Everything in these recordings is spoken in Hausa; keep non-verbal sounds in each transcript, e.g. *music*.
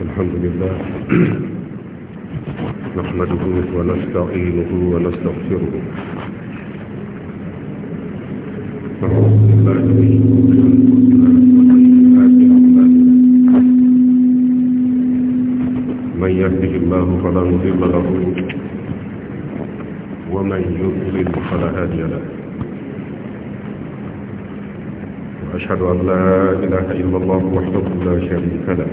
الحمد لله *clears throat* نحمده ونستعينه ونستغفره من يهده الله فلا مضل له ومن يضلل فلا هادي له واشهد ان لا اله الا الله وحده لا شريك له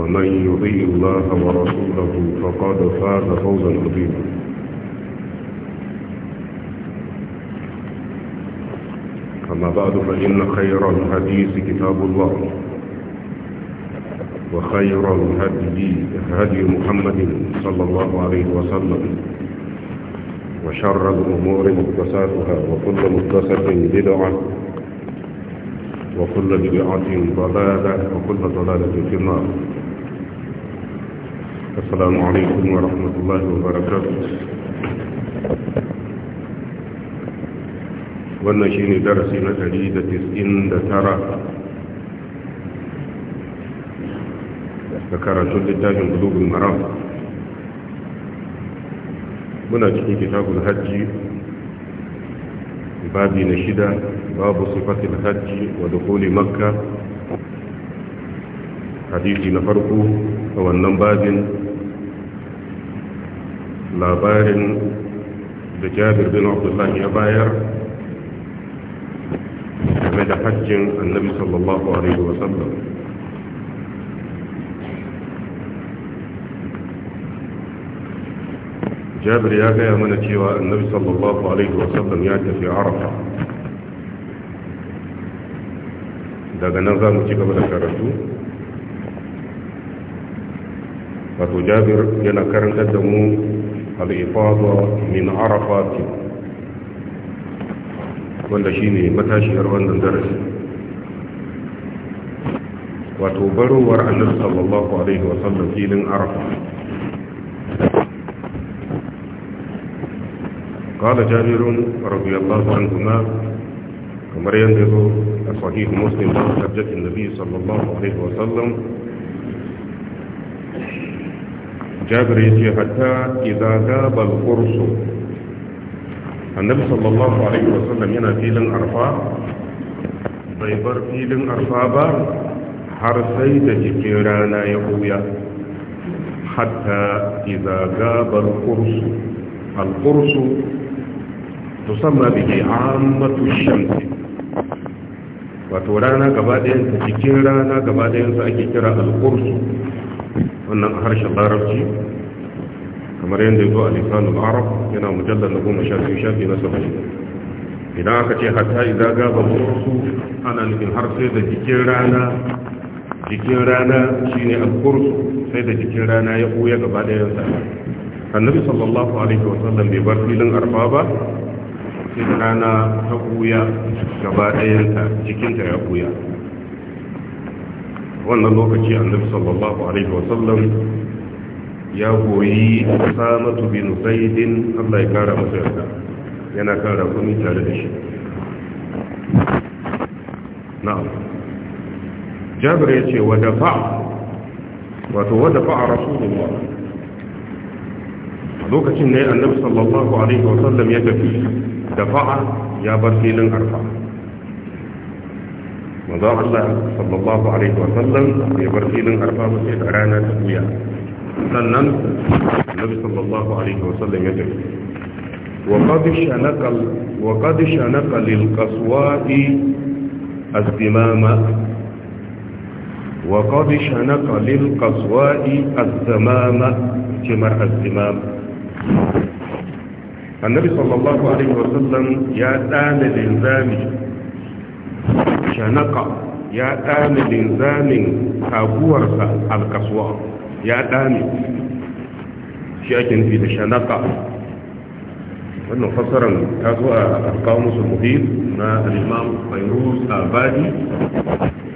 ومن يضي الله ورسوله فقد فاز فوزا عظيما أما بعد فإن خير الحديث كتاب الله وخير الهدي هدي محمد صلى الله عليه وسلم وشر الأمور مقدساتها وكل مقدسة بدعة وكل بدعة ضلالة وكل ضلالة في النار السلام عليكم ورحمة الله وبركاته ونشين درسنا جديدة إن ترى ذكر جلد الله من قلوب المرام من كتاب الهج باب نشدة باب صفة الهج ودخول مكة حديثنا فرقه هو النمباذن لا لابار بجابر بن عبد الله أباير عمد حج النبي صلى الله عليه وسلم جابر يا غير من تشيوى النبي صلى الله عليه وسلم يأتي في عرفة دغ نظام تشيكا بلا كارتو فتو جابر ينا كارن قدمو الإفاضة من عرفات ولا شيء متى شيء أرغن الدرس وتبرو النبي صلى الله عليه وسلم في لن عرفة قال جابر رضي الله عنهما كما ينظر الصحيح مسلم عن حجة النبي صلى الله عليه وسلم jabir ya ce hatta idza gaba al-fursu annabi sallallahu alaihi wasallam yana filin arfa bai bar filin arfa ba har sai da cikin rana ya huya hatta idza gaba al-fursu al-fursu tusamma bihi ammatu shamsi wato rana gaba ɗayansa cikin rana gaba ɗayansa ake kira al wannan a harshen larabci kamar yadda ya zo a lisanul arab yana mujallar na goma shafi shafi na saba'in idan aka ce hatta idan gaba su ana nufin har sai da jikin rana jikin rana shine al sai da jikin rana ya buya gaba da yansa annabi sallallahu alaihi wa sallam bai bar filin arfa ba sai da rana ta buya gaba da yansa jikinta ya buya wannan lokaci annabi sallallahu alaihi wasallam ya goyi samatu bin zaidin Allah ya kara masa yarda yana kan rakumi tare da shi na'am jabir ya ce wa dafa wato wa dafa a rasulullah lokacin ne annabi sallallahu alaihi wasallam ya tafi dafa ya bar filin arfa manzon Allah sallallahu alaihi wasallam ya bar filin arfa mace da rana ta buya sannan annabi sallallahu alaihi wasallam ya tafi وقد شنق ال... وقد شنق للقصواء الزمام وقد شنق للقصواء الزمام جمر الزمام النبي صلى الله عليه وسلم يا آل الإنزامي shanaka ya ɗame linzamin taguwarsa alkaswa ya ɗame shi ake nufi da shanaka wannan fasarar ta zo a kawo musu muhim na alimam fairuz abadi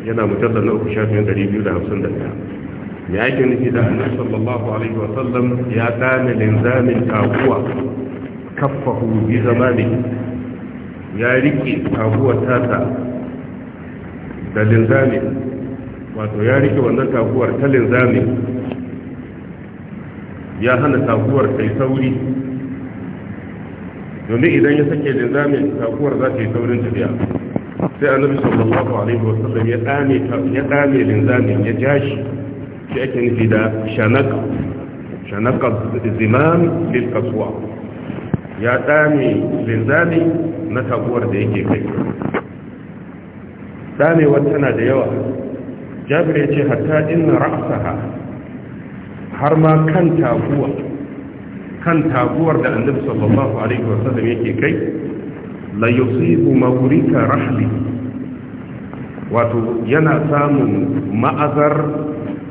yana mujallar na uku shafin 251 mai ake nufi da annabi sallallahu alaihi wasallam ya dame linzamin taguwa kafahu bi zamani ya rike taguwar tata da linzami wato ya rike wannan taguwar ta linzami ya hana taguwar ta yi sauri domin idan ya sake linzamin taguwar za ta yi saurin tafiya sai annabi sallallahu alaihi wasallam ya dame ya dame linzamin ya jashi shi ake nufi da shanakar shanaka zimam lil qaswa ya dame linzamin na taguwar da yake kai damewar tana da yawa jabir ya ce hatta inna ra'saha har ma kan taguwa kan taguwar da annabi sallallahu alaihi wasallam yake kai la yusibu mawrika rahli wato yana samun ma'azar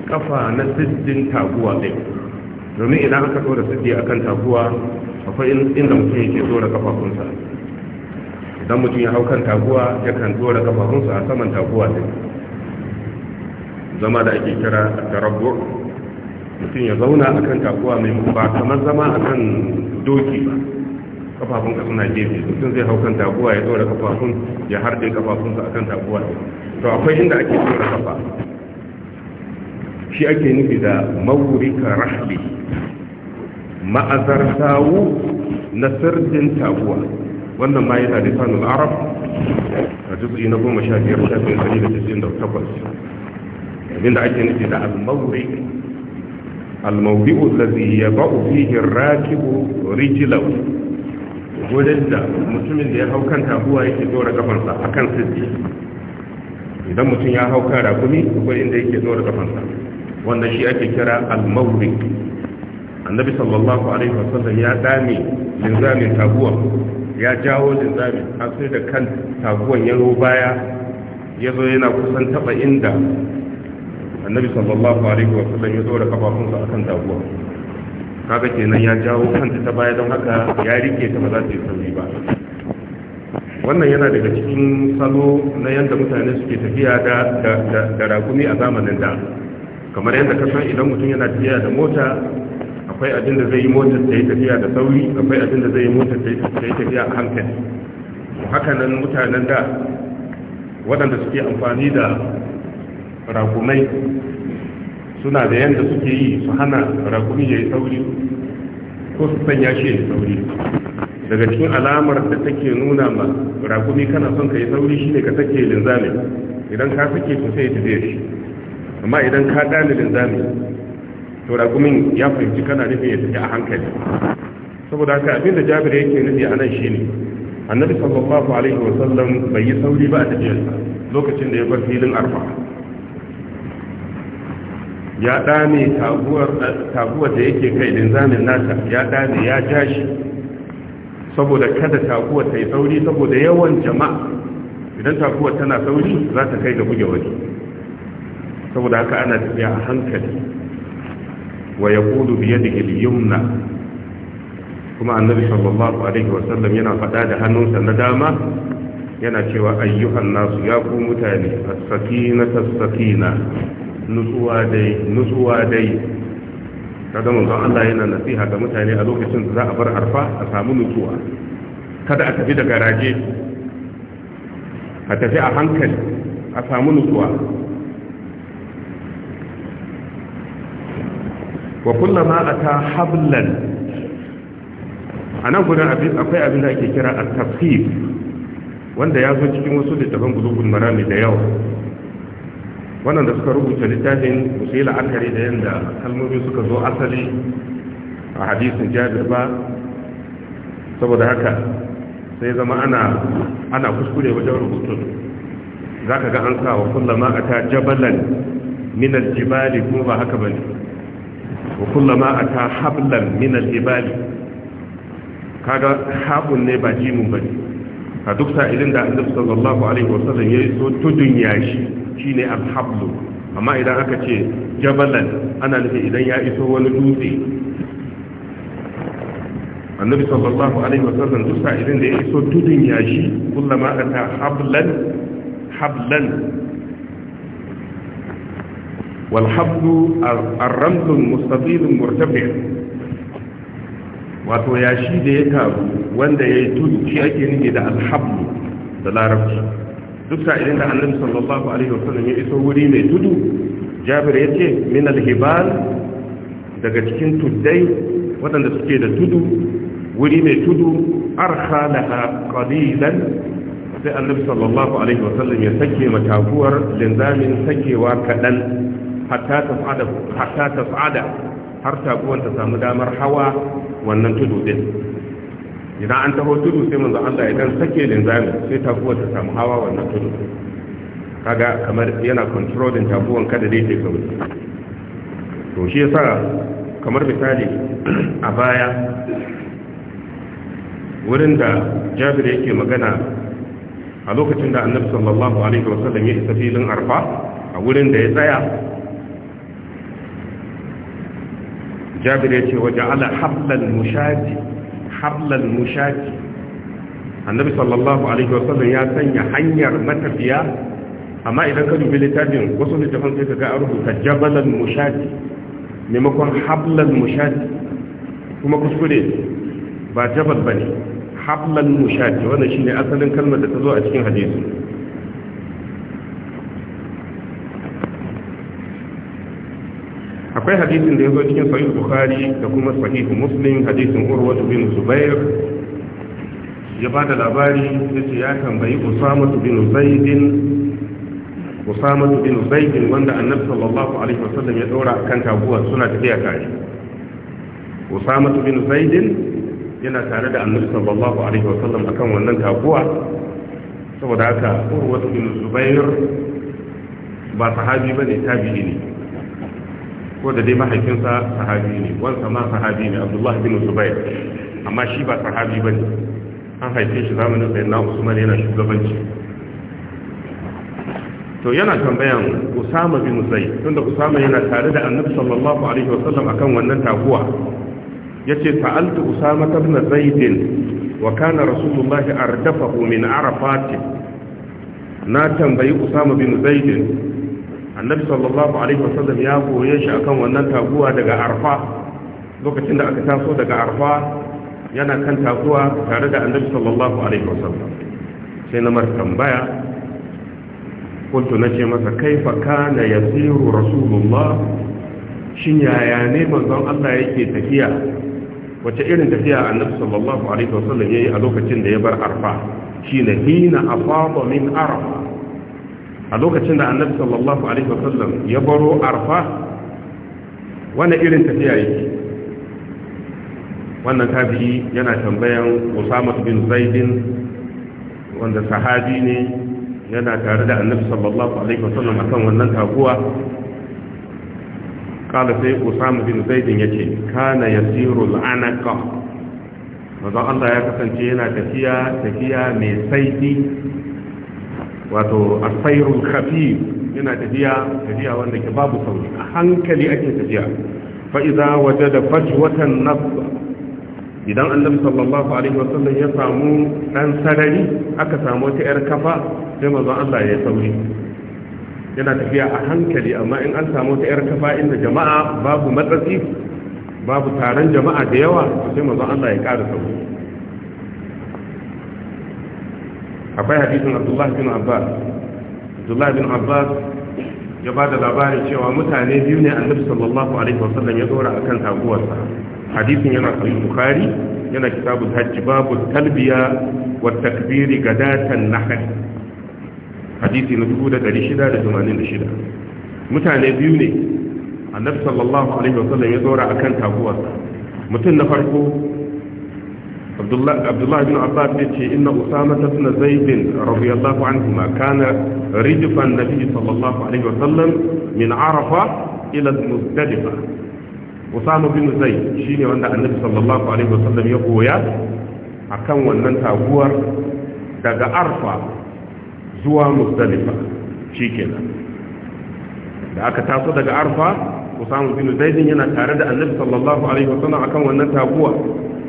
kafa na siddin taguwa ɗin domin idan aka tsora siddi akan taguwa akwai inda mutum yake tsora kafafunsa idan mutum ya hau kan taguwa kan dora kafafunsa a saman taguwa ne zama da ake kira tarabbu mutum ya zauna a kan taguwa mai ba kamar zama a kan doki ba kafafunka suna gefe mutum zai hau kan taguwa ya dora kafafun ya harbe kafafunsa a kan taguwa to akwai inda ake dora kafa shi ake nufi da maurika rahbi ma'azar sawu na sirjin taguwa wannan ma da lisanul arab a juz'i na goma sha biyar shafin ɗari da cikin da takwas abinda ake nufi da al-mawri al-mawri'u allazi yaba'u fihi rakibu rijlahu gurin da mutumin da ya hau kan tabuwa yake dora kafansa kan siddi idan mutum ya hau kan rakumi akwai inda yake dora kafansa wanda shi ake kira al-mawri annabi sallallahu alaihi wasallam ya dame linzamin tabuwa ya jawo linzami har sai da kan taguwan ya baya ya zo yana kusan taba inda annabi sallallahu alaihi wa sallam ya dora kafafunsa akan taguwa kaga kenan ya jawo kanta ta baya don haka ya rike ta ba za ta yi sauri ba wannan yana daga cikin salo na yadda mutane suke tafiya da da rakumi a zamanin da kamar yadda ka san idan mutum yana tafiya da mota akwai abin da zai yi motar ta yi tafiya da sauri akwai abin da zai yi motar ta yi tafiya a hankali hakanan mutanen da waɗanda suke amfani da rakumai suna da yadda suke yi su hana rakumi ya yi sauri ko su sanya shi ya yi sauri daga cikin alamar da take nuna ma rakumi kana son ka yi sauri shine ka sake linzami idan ka sake to sai ya tafiya shi amma idan ka ɗani linzami to ragumin ya fahimci kana nufin ya tafi a hankali saboda haka abinda jabir yake nufi a nan shine annabi sallallahu alaihi sallam bai yi sauri ba a tafiyarsa lokacin da ya bar filin arfa ya dame taguwar da yake kai linzamin nata ya dame ya jashi saboda kada taguwar ta yi sauri saboda yawan jama'a idan taguwar tana sauri za ta kai ga buge wani saboda haka ana tafiya a hankali wa yaqulu bi yadihi al-yumna kuma annabi sallallahu alaihi Sallam yana faɗa da hannunsa na dama yana cewa ayyuhan nasu ya ku mutane as-sakina as-sakina nutsuwa dai nutsuwa dai kada manzon Allah yana nasiha ga mutane a lokacin da za a bar arfa a samu nutsuwa kada a tafi da garaje a tafi a hankali a samu nutsuwa wa kullama ata hablan anan gudan akwai abin da ake kira a tafsir wanda ya zo cikin wasu littafan gudugun marami da yawa wannan da suka rubuta littafin musayi la'akari da yadda kalmomi suka zo asali a hadisin jabir ba saboda haka sai zama ana ana kuskure wajen rubutun za ka ga an sa wa kullama a ta jabalan minal jibali kuma ba haka bane wa kullama ata hablan min al-ibali kaga habun ne ba jimun bane a duk sa'ilin da annabi sallallahu alaihi wasallam ya so tudun yashi shine al-hablu amma idan aka ce jabalan ana nufin idan ya iso wani dutse annabi sallallahu alaihi wasallam duk sa'ilin da ya iso tudun yashi kullama ata hablan hablan والحبل الرمل المستطيل المرتفع wato yashi da ya taru wanda ya yi tudu shi ake nufi da alhablu da larabci duk idan da annabi sallallahu alaihi wasallam ya iso wuri mai tudu jabir ya ce min alhibal daga cikin tuddai waɗanda suke da tudu wuri mai tudu arha laha qalilan sai annabi sallallahu alaihi wasallam ya sake matakuwar linzamin sakewa kaɗan hatta tas'ada hatta tas'ada har taguwan ta samu damar hawa wannan tudu din idan an taho tudu sai manzo Allah idan sake linzami sai taguwan ta samu hawa wannan tudu kaga kamar yana controlling taguwan kada dai ke sauri to shi yasa kamar misali a baya wurin da Jabir yake magana a lokacin da Annabi sallallahu alaihi wasallam ya isa filin Arfa a wurin da ya tsaya jabir ya ce waje ala hablal mushati hablal mushaji. annabi sallallahu alaihi wasallam ya sanya hanyar matafiya amma idan ka dubi littafin wasu littafin sai ka ga a rubuta jabalan mushaji. maimakon hablan mushaji. kuma kuskure ba jabal bane hablan mushati wannan shine asalin kalmar da ta zo a cikin hadisi akwai hadisin da ya zo cikin sahih bukhari da kuma sahih muslim hadisin urwa bin zubair ya ba da labari yace ya tambayi usama bin zaidin usama bin zaidin wanda annabi sallallahu alaihi wasallam ya dora kan kabuwa, suna tafiya tare usama bin zaidin yana tare da annabi sallallahu alaihi wasallam akan wannan kabuwa saboda haka urwa bin zubair ba sahabi bane tabi'i ne ko da dai mahaifinsa sahabi ne wansa ma sahabi ne abdullahi bin zubair amma shi ba sahabi ba ne an haife shi zamanin sayan na usman yana shugabanci to yana tambayan usama bin zaid tunda usama yana tare da annabi sallallahu alaihi wasallam akan wannan taguwa Ya ce ta'altu usama ibn zaid wa kana rasulullahi ardafahu min arafat na tambayi usama bin zaid annabi sallallahu alaihi wasallam ya koye shi akan wannan taguwa daga arfa lokacin da aka taso daga arfa yana kan taguwa tare da annabi sallallahu alaihi wasallam sai na mar tambaya kuntu ce masa kaifa kana yasiru rasulullah shin yaya ne manzon Allah yake tafiya wace irin tafiya annabi sallallahu alaihi wasallam yayi a lokacin da ya bar arfa shine hina afafa min arfa a lokacin da annabi sallallahu alaihi wasallam ya baro arfa wannan irin tafiya yake wannan tabi'i yana tambayan Usama bin Zaidin wanda sahabi ne yana tare da annabi sallallahu alaihi wasallam akan wannan taguwa kala sai Usama bin Zaid yace kana yasiru al-anaqa wanda Allah ya kasance yana tafiya tafiya mai saidi wato asairun khafif yana tafiya tafiya wanda ke babu sauri a hankali ake tafiya fa idza wajada fajwatan nasb idan annabi sallallahu alaihi wasallam ya samu dan sarari aka samu ta yar kafa sai manzon Allah ya sauri yana tafiya a hankali amma in an samu ta yar kafa inda jama'a babu matsatsi babu taron jama'a da yawa sai manzon Allah ya ƙara sauri akwai hadisin abdullah bin abbas abdullah bin abbas ya ba da labarin cewa mutane biyu ne annabi sallallahu alaihi wasallam ya dora akan taguwarsa hadisin yana sahih bukhari yana kitabul hajj babu talbiya wa takbir gadatan nahl hadisi na 1686 mutane biyu ne annabi sallallahu alaihi wasallam ya dora akan taguwarsa mutum na farko abdullahi bin abbas ya ce inna usama ta suna zaibin radiyallahu anhu ma kana rijifan biyu sallallahu alaihi wasallam min arafa ila musdalifa. usama bin zaid shine wanda annabi sallallahu alaihi wasallam ya goya akan wannan taguwar daga arfa zuwa muzdalifa shikenan da aka taso daga arfa usama bin zaid yana tare da annabi sallallahu alaihi wasallam akan wannan taguwa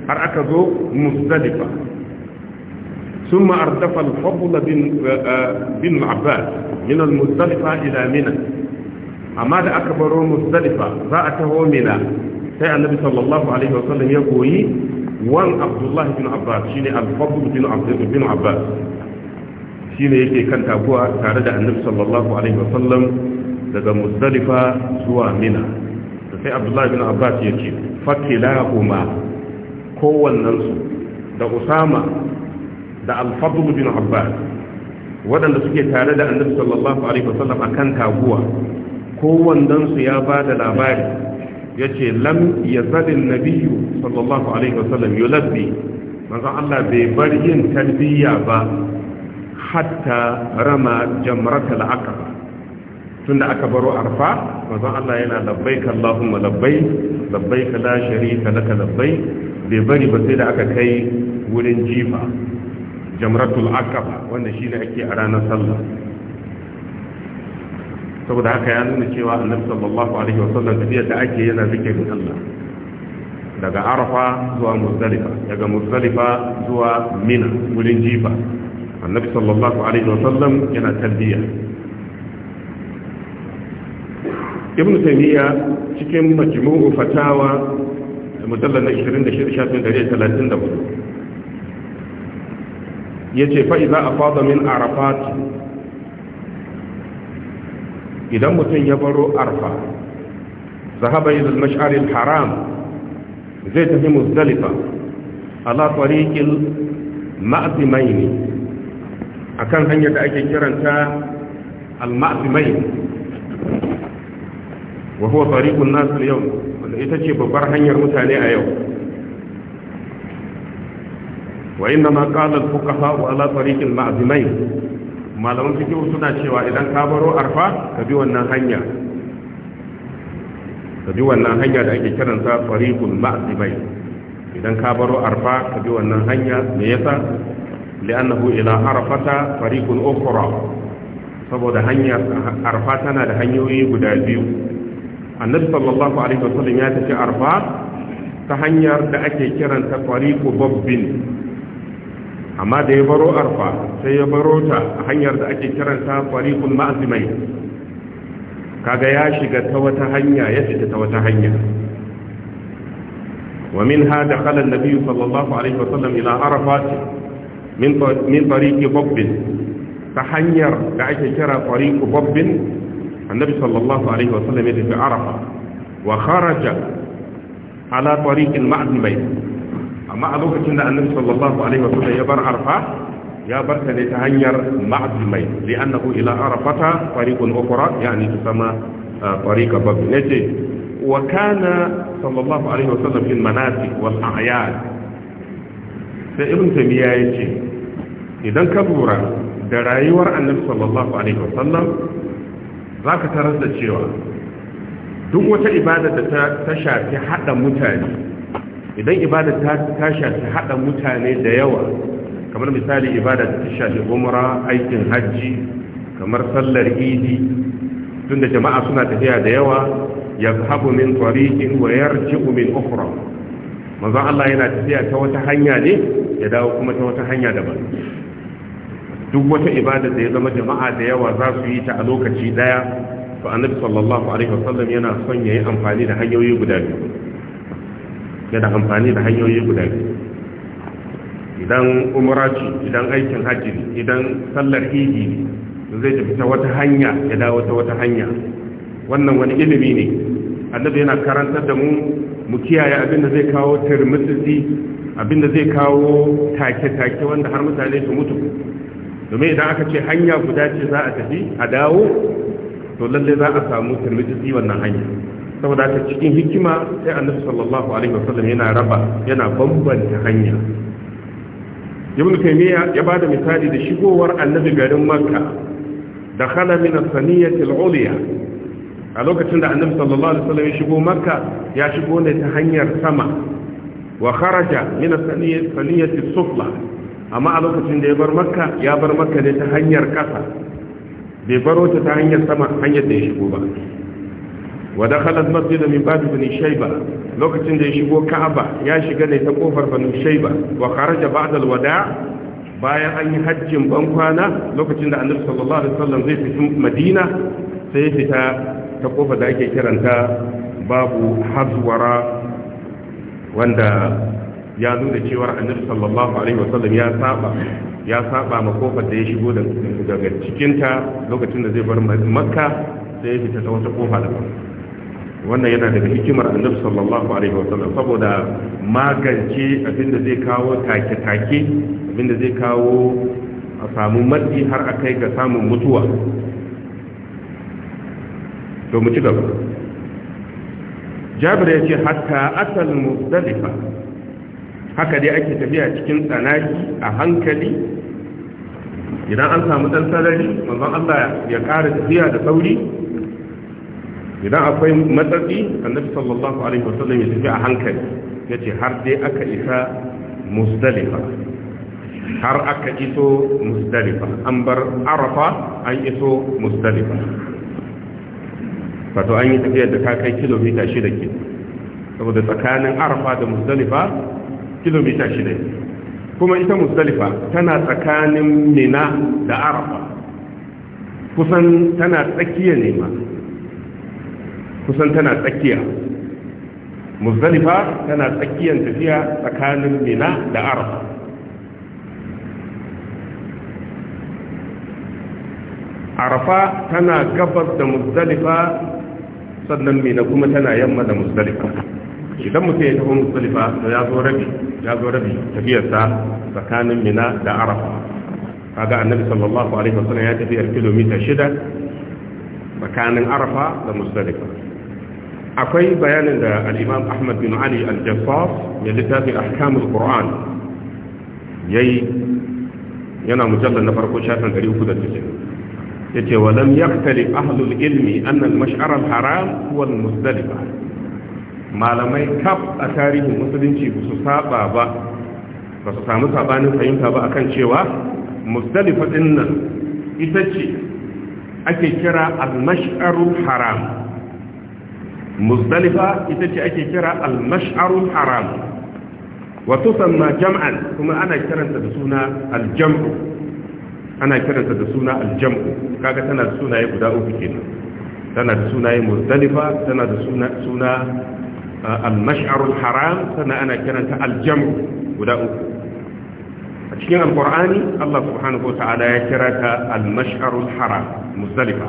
har aka zo musdalifa sun ma'ar dafal fagula bin eh, eh, labar min musdalifa ila mina amma da aka baro musdalifa za a taho mina sai annabi sallallahu alaihi wasallam ya goyi wan abdullahi bin abbas shine al bin abbas shine yake kan taguwa tare da annabi sallallahu alaihi wasallam daga muzdalifa zuwa mina sai abdullahi bin abbas ya ce fakilahuma kowannensu da usama da alfadul bin abbas waɗanda suke tare da annabi sallallahu alaihi wasallam akan taguwa kowannensu ya ba da labari ya ce lam ya zaɗin nabiyu sallallahu alaihi wasallam yulabbi manzon Allah bai bar yin talbiya ba hatta rama jamratul aqaba tunda aka baro arfa manzon Allah yana labbaik Allahumma labbaik labbaik la sharika laka labbaik bai bari ba sai da aka kai wurin jifa jamratul aqaba wanda shi ne ake a ranar sallah saboda haka ya nuna cewa annabi sallallahu alaihi wasallam tafiyar da ake yana zikirin Allah daga arafa zuwa muzdalifa daga muzdalifa zuwa mina wurin jifa annabi sallallahu alaihi wa sallam, yana talbiya ibn taymiya cikin majmu'u fatawa mujallar na 26 shafin 134 ya ce fa'iza a fada min arafat idan mutum ya baro arfa zahaba yi mash'aril haram zai tafi musdalifa ala tsarikin ma'azimai ne a kan hanyar da ake kiranta al-ma'azimai wa huwa tsarikun nasu yau wanda ita ce babbar hanyar mutane a yau wa inna ma qala al-fuqaha ala tariq al-ma'zimain malamu fiqh suna cewa idan ka baro arfa ka bi wannan hanya ka bi wannan hanya da ake kiransa tariqul ma'zimain idan ka baro arfa ka bi wannan hanya me yasa li'annahu ila arfata tariqun ukhra saboda hanya arfa tana da hanyoyi guda biyu annabi sallallahu alaihi wasallam ya tafi arfa ta hanyar da ake kiranta tariqu babbin amma da ya baro arfa sai ya baro ta hanyar da ake kiranta tariqul ma'zimai kaga ya shiga ta wata hanya ya fita ta wata hanya Wa min ومنها دخل النبي صلى الله ila وسلم min عرفات من من ta hanyar da ake kira طريق بب النبي صلى الله عليه وسلم يجي في عرفة وخرج على طريق المعد البيت أما أبوك كنا النبي صلى الله عليه وسلم يبر عرفة يبر لتهنير معد البيت لأنه إلى عرفة طريق أخرى يعني تسمى آه، طريق بابنته وكان صلى الله عليه وسلم في المناسك والأعياد فابن تيمية يجي إذا كبر da rayuwar annabi sallallahu alaihi wasallam za ka tarar da cewa duk wata ibada da ta shafi haɗa mutane idan ibada ta shafi haɗa mutane da yawa kamar misali ibada ta shafi umara aikin hajji kamar sallar idi tun da jama'a suna tafiya da yawa ya haɓu min tsarikin wayar yarji'u min ukura Allah yana tafiya ta wata hanya ne ya dawo kuma ta wata hanya daban duk wata ibada da ya zama jama'a da yawa za su yi ta a lokaci daya to annabi sallallahu alaihi wasallam yana son yayi amfani da hanyoyi guda biyu yana amfani da hanyoyi guda biyu idan umra ce idan aikin hajji ne idan sallar idi ne zai tafi ta wata hanya ya dawo ta wata hanya wannan wani ilimi ne annabi yana karantar da mu mu kiyaye abin da zai kawo tirmitsitsi abin da zai kawo take-take wanda har mutane su mutu domin idan aka ce hanya guda ce za a tafi a dawo to lalle za a samu tirmidhi wannan hanya saboda ta cikin hikima sai annabi sallallahu alaihi wasallam yana raba yana bambanta hanya ibn taymiya ya bada misali da shigowar annabi garin makka da khala min as-saniyati al-ulya a lokacin da annabi sallallahu alaihi wasallam ya shigo makka ya shigo ne ta hanyar sama wa kharaja min as-saniyati as-sufla amma a lokacin da ya bar makka ya bar makka ne ta hanyar ƙasa bai baro ta ta hanyar sama hanyar da ya shigo ba wa khalas al-masjid min bab bani shayba lokacin da ya shigo ka'aba ya shiga ne ta kofar bani shayba wa kharaja ba'da al-wada' bayan an yi hajjin ban kwana lokacin da annabi sallallahu alaihi wasallam zai fita madina sai ya fita ta kofar da ake kiranta babu hazwara wanda ya zo da cewar annabi sallallahu alaihi wasallam ya saba ya saba ma kofar da ya shigo daga cikinta lokacin da zai bar makka sai ya fita ta wata kofa da wannan yana daga hikimar annabi sallallahu alaihi wasallam saboda magance abinda zai kawo take-take abinda zai kawo a samu matsi har a kai ga samun mutuwa to mu ci gaba jabir ya ce hatta asal muzdalifa haka dai ake tafiya cikin tsanaki a hankali idan an samu ɗan sarari manzon Allah ya ƙara tafiya da sauri idan akwai matsatsi annabi sallallahu alaihi wasallam ya tafi a hankali ya ce har dai aka isa musdalifa har aka iso musdalifa an bar arafa an iso musdalifa wato an yi tafiya da ta kai kilomita shida ke saboda tsakanin arafa da musdalifa kilomita shida kuma ita musdalifa tana tsakanin mina da arafa kusan tana tsakiya ne ma kusan tana tsakiya musdalifa tana tsakiyan tafiya tsakanin mina da arafa arafa tana gabas da musdalifa sannan mina kuma tana yamma da musdalifa idan mutum ya tafi musulufa to ya zo rabi ya zo rabi tafiyarsa tsakanin mina da arafa kaga annabi sallallahu alaihi wasallam ya tafi tafiyar kilomita shida tsakanin arafa da musulufa akwai bayanin da al-imam ahmad bin ali al-jassas ya ahkam al qur'an yayi yana mujallal na farko shafin 390 yace walam yaktali ahlul ilmi anna al-mash'ar al-haram huwa al-muzdalifah malamai kaf a tarihin musulunci ba su saba ba ba su samu sabanin fahimta ba akan cewa musdalifa din nan ita ce ake kira al haram musdalifa ita ce ake kira al haram wa tusamma jam'an kuma ana kiranta da suna al ana kiranta da suna al kaga tana da sunaye guda uku kenan tana da sunaye musdalifa tana da suna al-mash'arul haram sannan ana kiranta al-jam' guda uku a cikin alqur'ani Allah subhanahu wata'ala ya kira ta al-mash'arul haram muzdalifa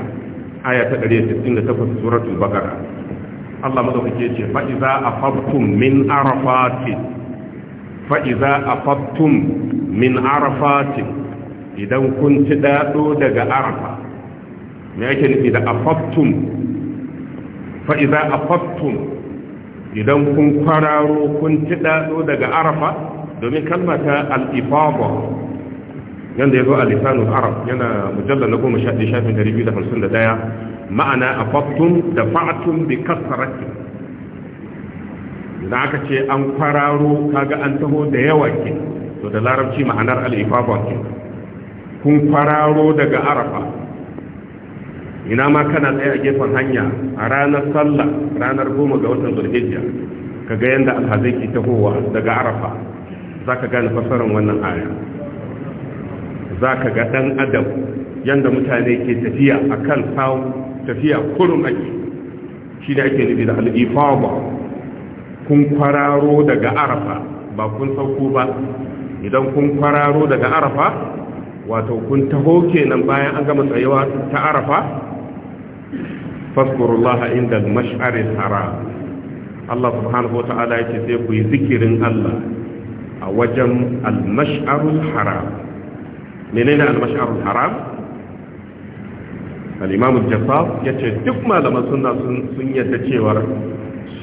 aya ta 168 suratul baqara Allah madaukake ce fa iza afaftum min arafatin fa iza afaftum min arafatin idan kun ci dado daga arafa me yake nufi da afaftum fa iza afaftum idan kun kwararo kun tidado daga arafa domin kalmata al yadda ya zo al-lisanul arab yana mujallar na goma shaɗi shafin ɗaya. ma'ana a da fa'atun bi kasarakin da aka ce an kwararo kaga an taho da yawa ke to da larabci ma'anar al ke kun kwararo daga arafa ina ma kana tsaye a gefen hanya a ranar sallah ranar goma ga watan zulhijja kaga yanda alhazai ke tahowa daga arafa za ka gane fassarar wannan aya za ka ga ɗan adam yanda mutane ke tafiya a kan sawu tafiya kurum ake shi da ake nufi da al'ifawa kun kwararo daga arafa ba kun sauko ba idan kun kwararo daga arafa wato kun taho kenan bayan an gama tsayuwa ta arafa fazkurullah inda al haram Allah subhanahu wata'ala yake sai ku yi zikirin Allah a wajen al-mash'arul haram menene al haram al-imam al-jassas yace duk malaman suna sun sun yadda cewa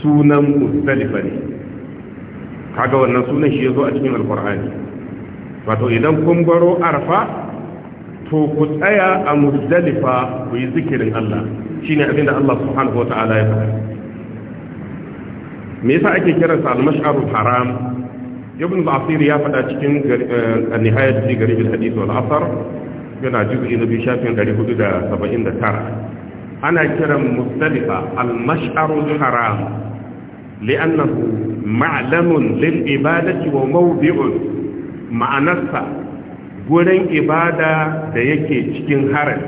sunan muzdalifa ne kaga wannan sunan shi yazo a cikin al-qur'ani wato idan kun baro arfa to ku tsaya a muzdalifa ku yi zikirin Allah shine ne abinda Allah subhanahu wa ta'ala ya faɗa me yasa ake kiransa al-mash'arul haram ibn al-asir ya faɗa cikin eh, nihayat fi garib al-hadith wal asar yana juz'i na biyu shafin 479 ana kiran muzdalifa al-mash'arul haram li'annahu ma'lamun lil ibadati wa mawdi'un ma'anarsa gurin ibada da yake cikin harin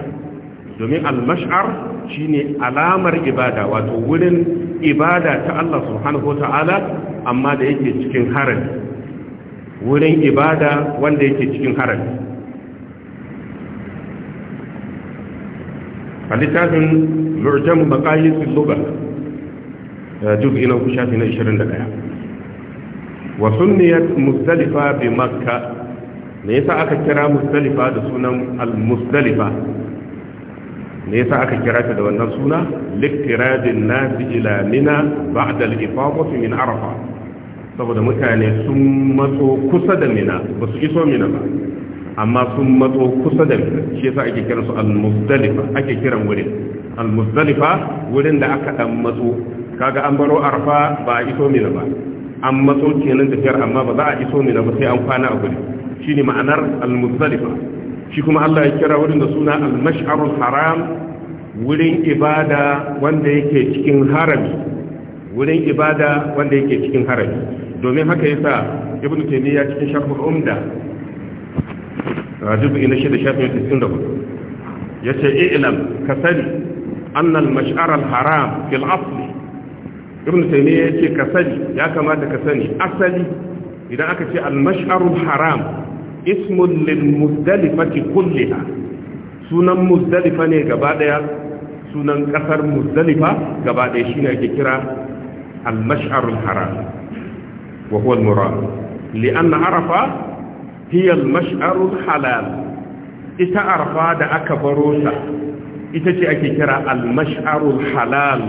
domin al-mash'ar shine alamar ibada wato gurin ibada ta Allah subhanahu wata'ala amma da yake cikin harin. gurin ibada wanda yake cikin harin. a littafin mu'jam ina lugha eh, shafi na 21 wa sunniyat muzdalifa bi makka. me yasa aka kira mustalifa da sunan al-mustalifa me yasa aka kira ta da wannan suna liktiradin nasi ila mina ba'da al-ifadati min arafa saboda mutane sun matso kusa da mina ba su iso mina ba amma sun matso kusa da mina shi yasa ake su al-muzdalifa ake kiran wurin al-muzdalifa wurin da aka dan matso kaga an baro arafa ba a iso mina ba an matso kenan tafiyar amma ba za a iso mina ba sai an kwana a gurin Shi ne ma'anar al-muzdalifa shi kuma Allah ya kira wurin da suna al-mash'arul haram wurin ibada wanda yake cikin harami wurin ibada wanda yake cikin harami domin haka yasa ibn taymiya cikin sharhul umda rajib ina shi da shafin 94 yace i'lam sani anna al-mash'arul haram fil asli ibn taymiya yace sani, ya kamata ka sani asali idan aka ce al-mash'arul haram ismun lil muzdalifati kulliha sunan muzdalifa ne gaba daya sunan kasar muzdalifa gaba daya shine ake kira al-mash'ar al-haram wa huwa al-murad li'anna arafa hiya al-mash'ar al-halal ita arafa da aka baro sa ita ce ake kira al-mash'ar al-halal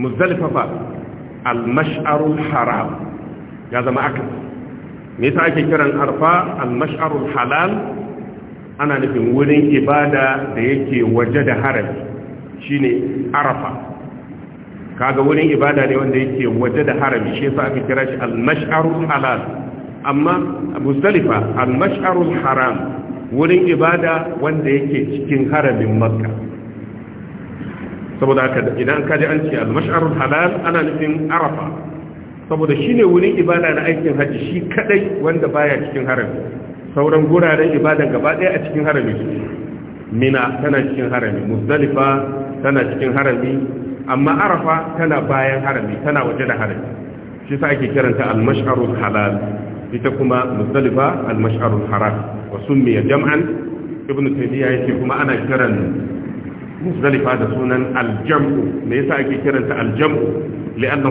muzdalifa fa al-mash'ar al-haram ya zama akasa me yasa ake kiran arfa al-mash'arul halal ana nufin wurin ibada da yake waje da harami shine arafa kaga wurin ibada ne wanda yake waje da harami shi yasa aka kira shi al-mash'arul halal amma musdalifa al-mash'arul haram wurin ibada wanda yake cikin haramin makka saboda haka idan ka ji an ce al-mash'arul halal ana nufin arafa saboda shi ne wurin ibada na aikin hajji shi kadai wanda baya cikin harami sauran guraren ibadan gaba daya a cikin harami mina tana cikin harami muzdalifa tana cikin harami amma arafa tana bayan harami tana waje da harami shi sa ake kiranta al halal ita kuma muzdalifa al haram wa summiya jam'an ibnu taymiya yake kuma ana kiran muzdalifa da sunan aljam'u me yasa ake kiranta aljam'u li'anna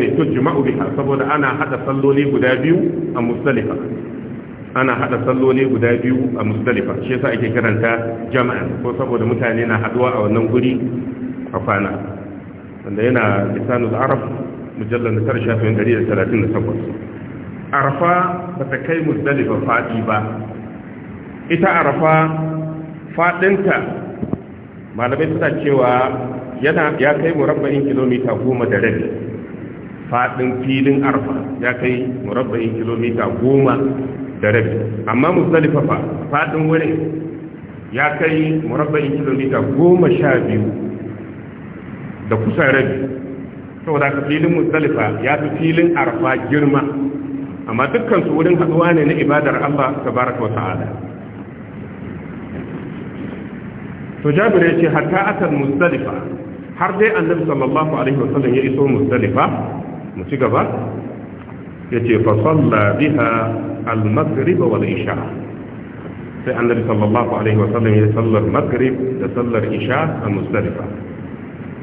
ne tujma'u biha saboda ana hada salloli guda biyu a muzdalifa ana hada salloli guda biyu a muzdalifa shi yasa ake kiranta jama'an ko saboda mutane na haduwa a wannan guri a kwana wanda yana lisanul arab mujallal na tarshe kai muzdalifa faɗi ba ita arafa faɗinta. malamai suna cewa yana ya kai murabba'in kilomita goma da rabi faɗin filin arfa ya kai murabba'in kilomita goma da rabi amma musdalifa fa faɗin wuri ya kai murabba'in kilomita goma sha biyu da kusan rabi da ka filin musdalifa ya fi filin arfa girma amma dukkan su wurin haɗuwa ne na ibadar allah baraka wa ta'ala to jabir ya ce hatta akan musdalifa har dai annabi sallallahu alaihi wasallam ya iso musdalifa mu ci gaba yace fa salla biha al-maghrib wal isha sai annabi sallallahu alaihi wasallam ya sallar maghrib da sallar isha a musdalifa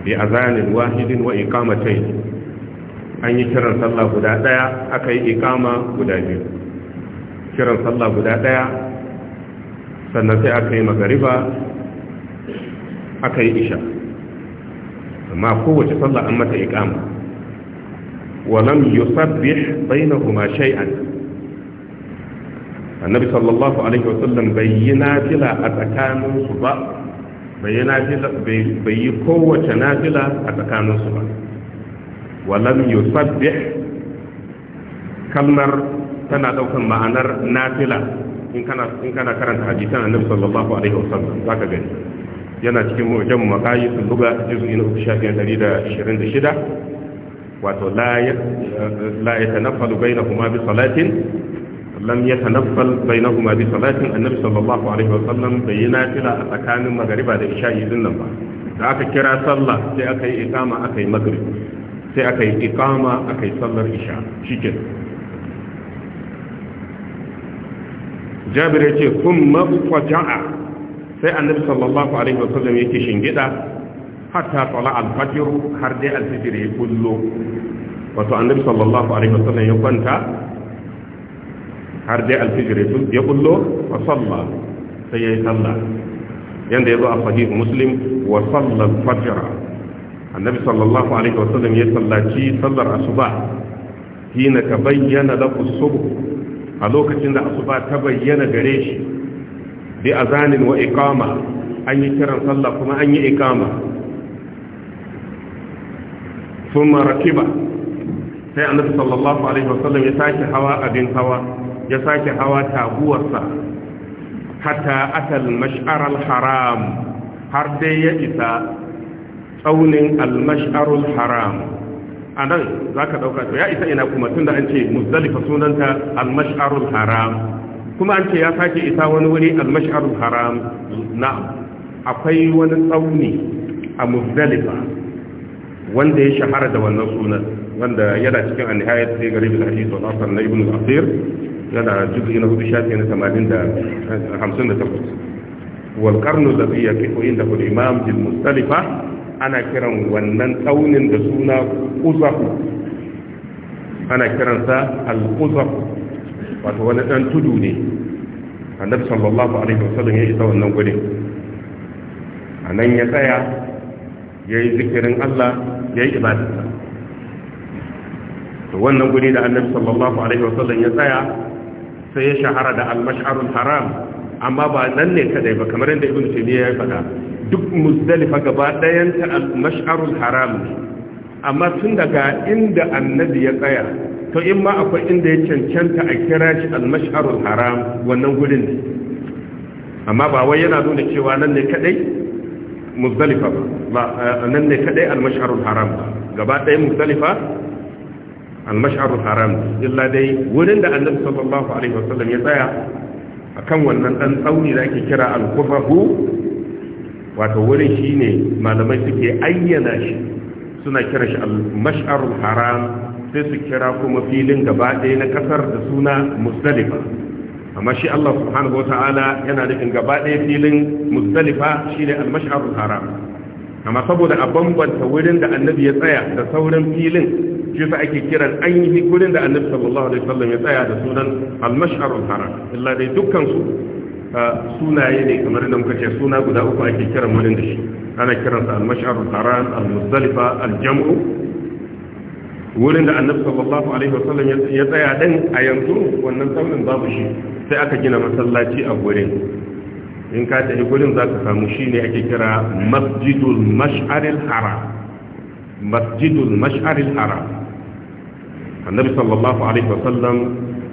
bi azanin wahidin wa iqamatayn an yi kiran sallah guda daya aka yi iqama guda biyu kiran sallah guda daya sannan sai aka yi magariba aka yi isha amma kowace sallah an mata iqama walam yusabbih bainahuma shay'an annabi sallallahu alaihi wasallam bai yi nafila a tsakanin su ba bai nafila bai yi kowace nafila a tsakanin su ba walam yusabbih kalmar tana daukan ma'anar nafila in kana in kana karanta hadisan annabi sallallahu alaihi wasallam zaka gani yana cikin mu'jam maqayis luga juz'i da shida. wato la bai na kuma bi salatin lam yatanaffal bainahuma bi salatin annabi sallallahu alaihi wa sallam bayyana fila a tsakanin magariba da isha din nan ba da aka kira sallah sai aka yi iqama aka yi maghrib sai aka yi iqama aka yi sallar isha shikenan jabir ya ce kun mafaja'a sai annabi sallallahu alaihi wasallam yake shingida hatta al-fajr har dai al-fajr ya kullo wato annabi sallallahu alaihi wasallam ya kwanta har dai al-fajr ya kullo wa salla sai ya salla yanda yazo zo a sahih muslim wa salla al-fajr annabi sallallahu alaihi wasallam ya sallaci sallar asuba hina tabayyana lahu as subh a lokacin da asuba ta bayyana gare shi bi azanin wa iqama an yi kiran sallah kuma an yi iqama thumma rakiba sai annabi sallallahu alaihi wasallam ya sake hawa abin hawa ya sake hawa taguwarsa hatta atal mash'ar al-haram har dai ya isa tsaunin al-mash'ar al-haram a nan za ka ɗauka to ya isa ina kuma tun da an ce muzdalifa sunanta al al haram kuma an ce ya sake isa wani wuri almash'arul haram na. akwai wani tsauni a muzdalifa wanda ya shahara da wannan sunan wanda yana cikin annihayat sai garibin hadisi wa asar na ibn al-asir yana jibi na hudu shafi na da eh, da hamsin takwas. wal da qarnu alladhi yaqifu indahu al-imam bil mustalifa ana kiran wannan tsaunin da suna uzafu ana kiransa al-uzafu wato wani ɗan tudu ne annabi sallallahu alaihi wasallam ya isa wannan gurin a nan ya tsaya ya yi zikirin Allah ya yi ibadarsa to wannan guri da annabi sallallahu alaihi wasallam ya tsaya sai ya shahara da al haram amma ba nan ne kadai ba kamar yadda ibnu taymiya ya faɗa duk muzdalifa gaba ɗayan ta al haram ne amma tun daga inda annabi ya tsaya to in ma akwai inda ya cancanta a kira shi al haram wannan gudun ne amma ba wai yana nuna cewa nan ne kadai muzdalifa ba eh, nan ne kadai al haram ba. gaba ɗaya muzdalifa al-mash'arul haram illa dai wurin da annabi sallallahu alaihi wasallam ya tsaya akan wannan dan tsauni da ake kira al-kufahu wato wurin shine malamai suke ayyana shi suna kira shi al haram sai su kira kuma filin gaba ɗaya na ƙasar da suna musdalifa amma shi Allah subhanahu wata'ala yana nufin gaba ɗaya filin musdalifa shine al-mash'arul haram amma saboda a bambanta wurin da annabi ya tsaya da sauran filin shi sa ake kiran an yi gurin da annabi sallallahu alaihi wasallam ya tsaya da sunan al-mash'arul haram illa dai dukkan su sunaye ne kamar da muka ce suna guda uku ake kiran wurin da shi ana kiransa al-mash'arul haram al-muzdalifa wurin da annabi sallallahu alaihi wasallam ya tsaya din a yanzu wannan tsaunin babu shi sai aka gina masallaci a gurin in ka tafi gurin za ka samu shi ne ake kira masjidul mash'aril haram masjidul mash'aril haram annabi sallallahu alaihi wasallam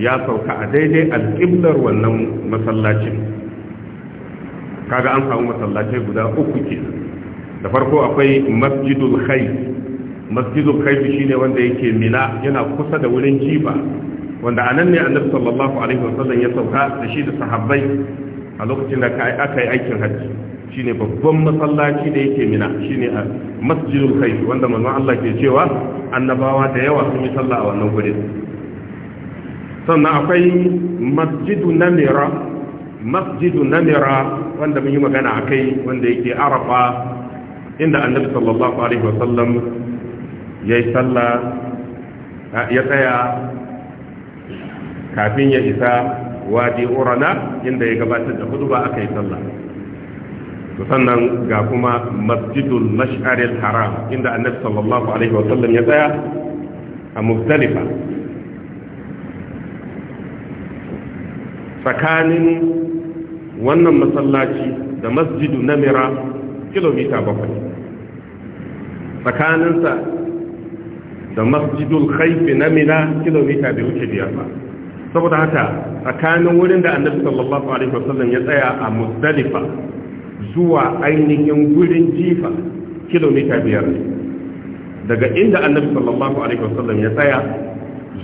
ya sauka a daidai alƙiblar wannan masallacin kaga an samu masallacai guda uku ke da farko akwai masjidul khayr masjidul kaifi shine wanda yake mina yana kusa da wurin jiba, wanda anan ne annabi sallallahu alaihi wasallam ya sauka da shi da sahabbai a lokacin da aka yi aikin hajji shine babban masallaci da yake mina shine masjidul kaifi wanda manzon Allah ke cewa annabawa da yawa sun yi sallah a wannan gurin sannan akwai masjidu namira masjidu namira wanda mun yi magana akai wanda yake arafa inda annabi sallallahu alaihi wasallam ya yi sallah ya tsaya kafin ya isa wadi urana inda ya gabatar da hudu ba aka yi sallah sannan ga kuma masjidul mash'aril haram inda annabi sallallahu alaihi wasallam ya tsaya a muzdalifa tsakanin wannan masallaci da masjidu namira kilomita bakwai tsakaninsa da masjidul haifi na mina kilomita da wuce biyar ba saboda haka tsakanin wurin da annabi sallallahu alaihi wasallam ya tsaya a muzdalifa zuwa ainihin gurin jifa kilomita biyar ne daga inda annabi sallallahu alaihi wasallam ya tsaya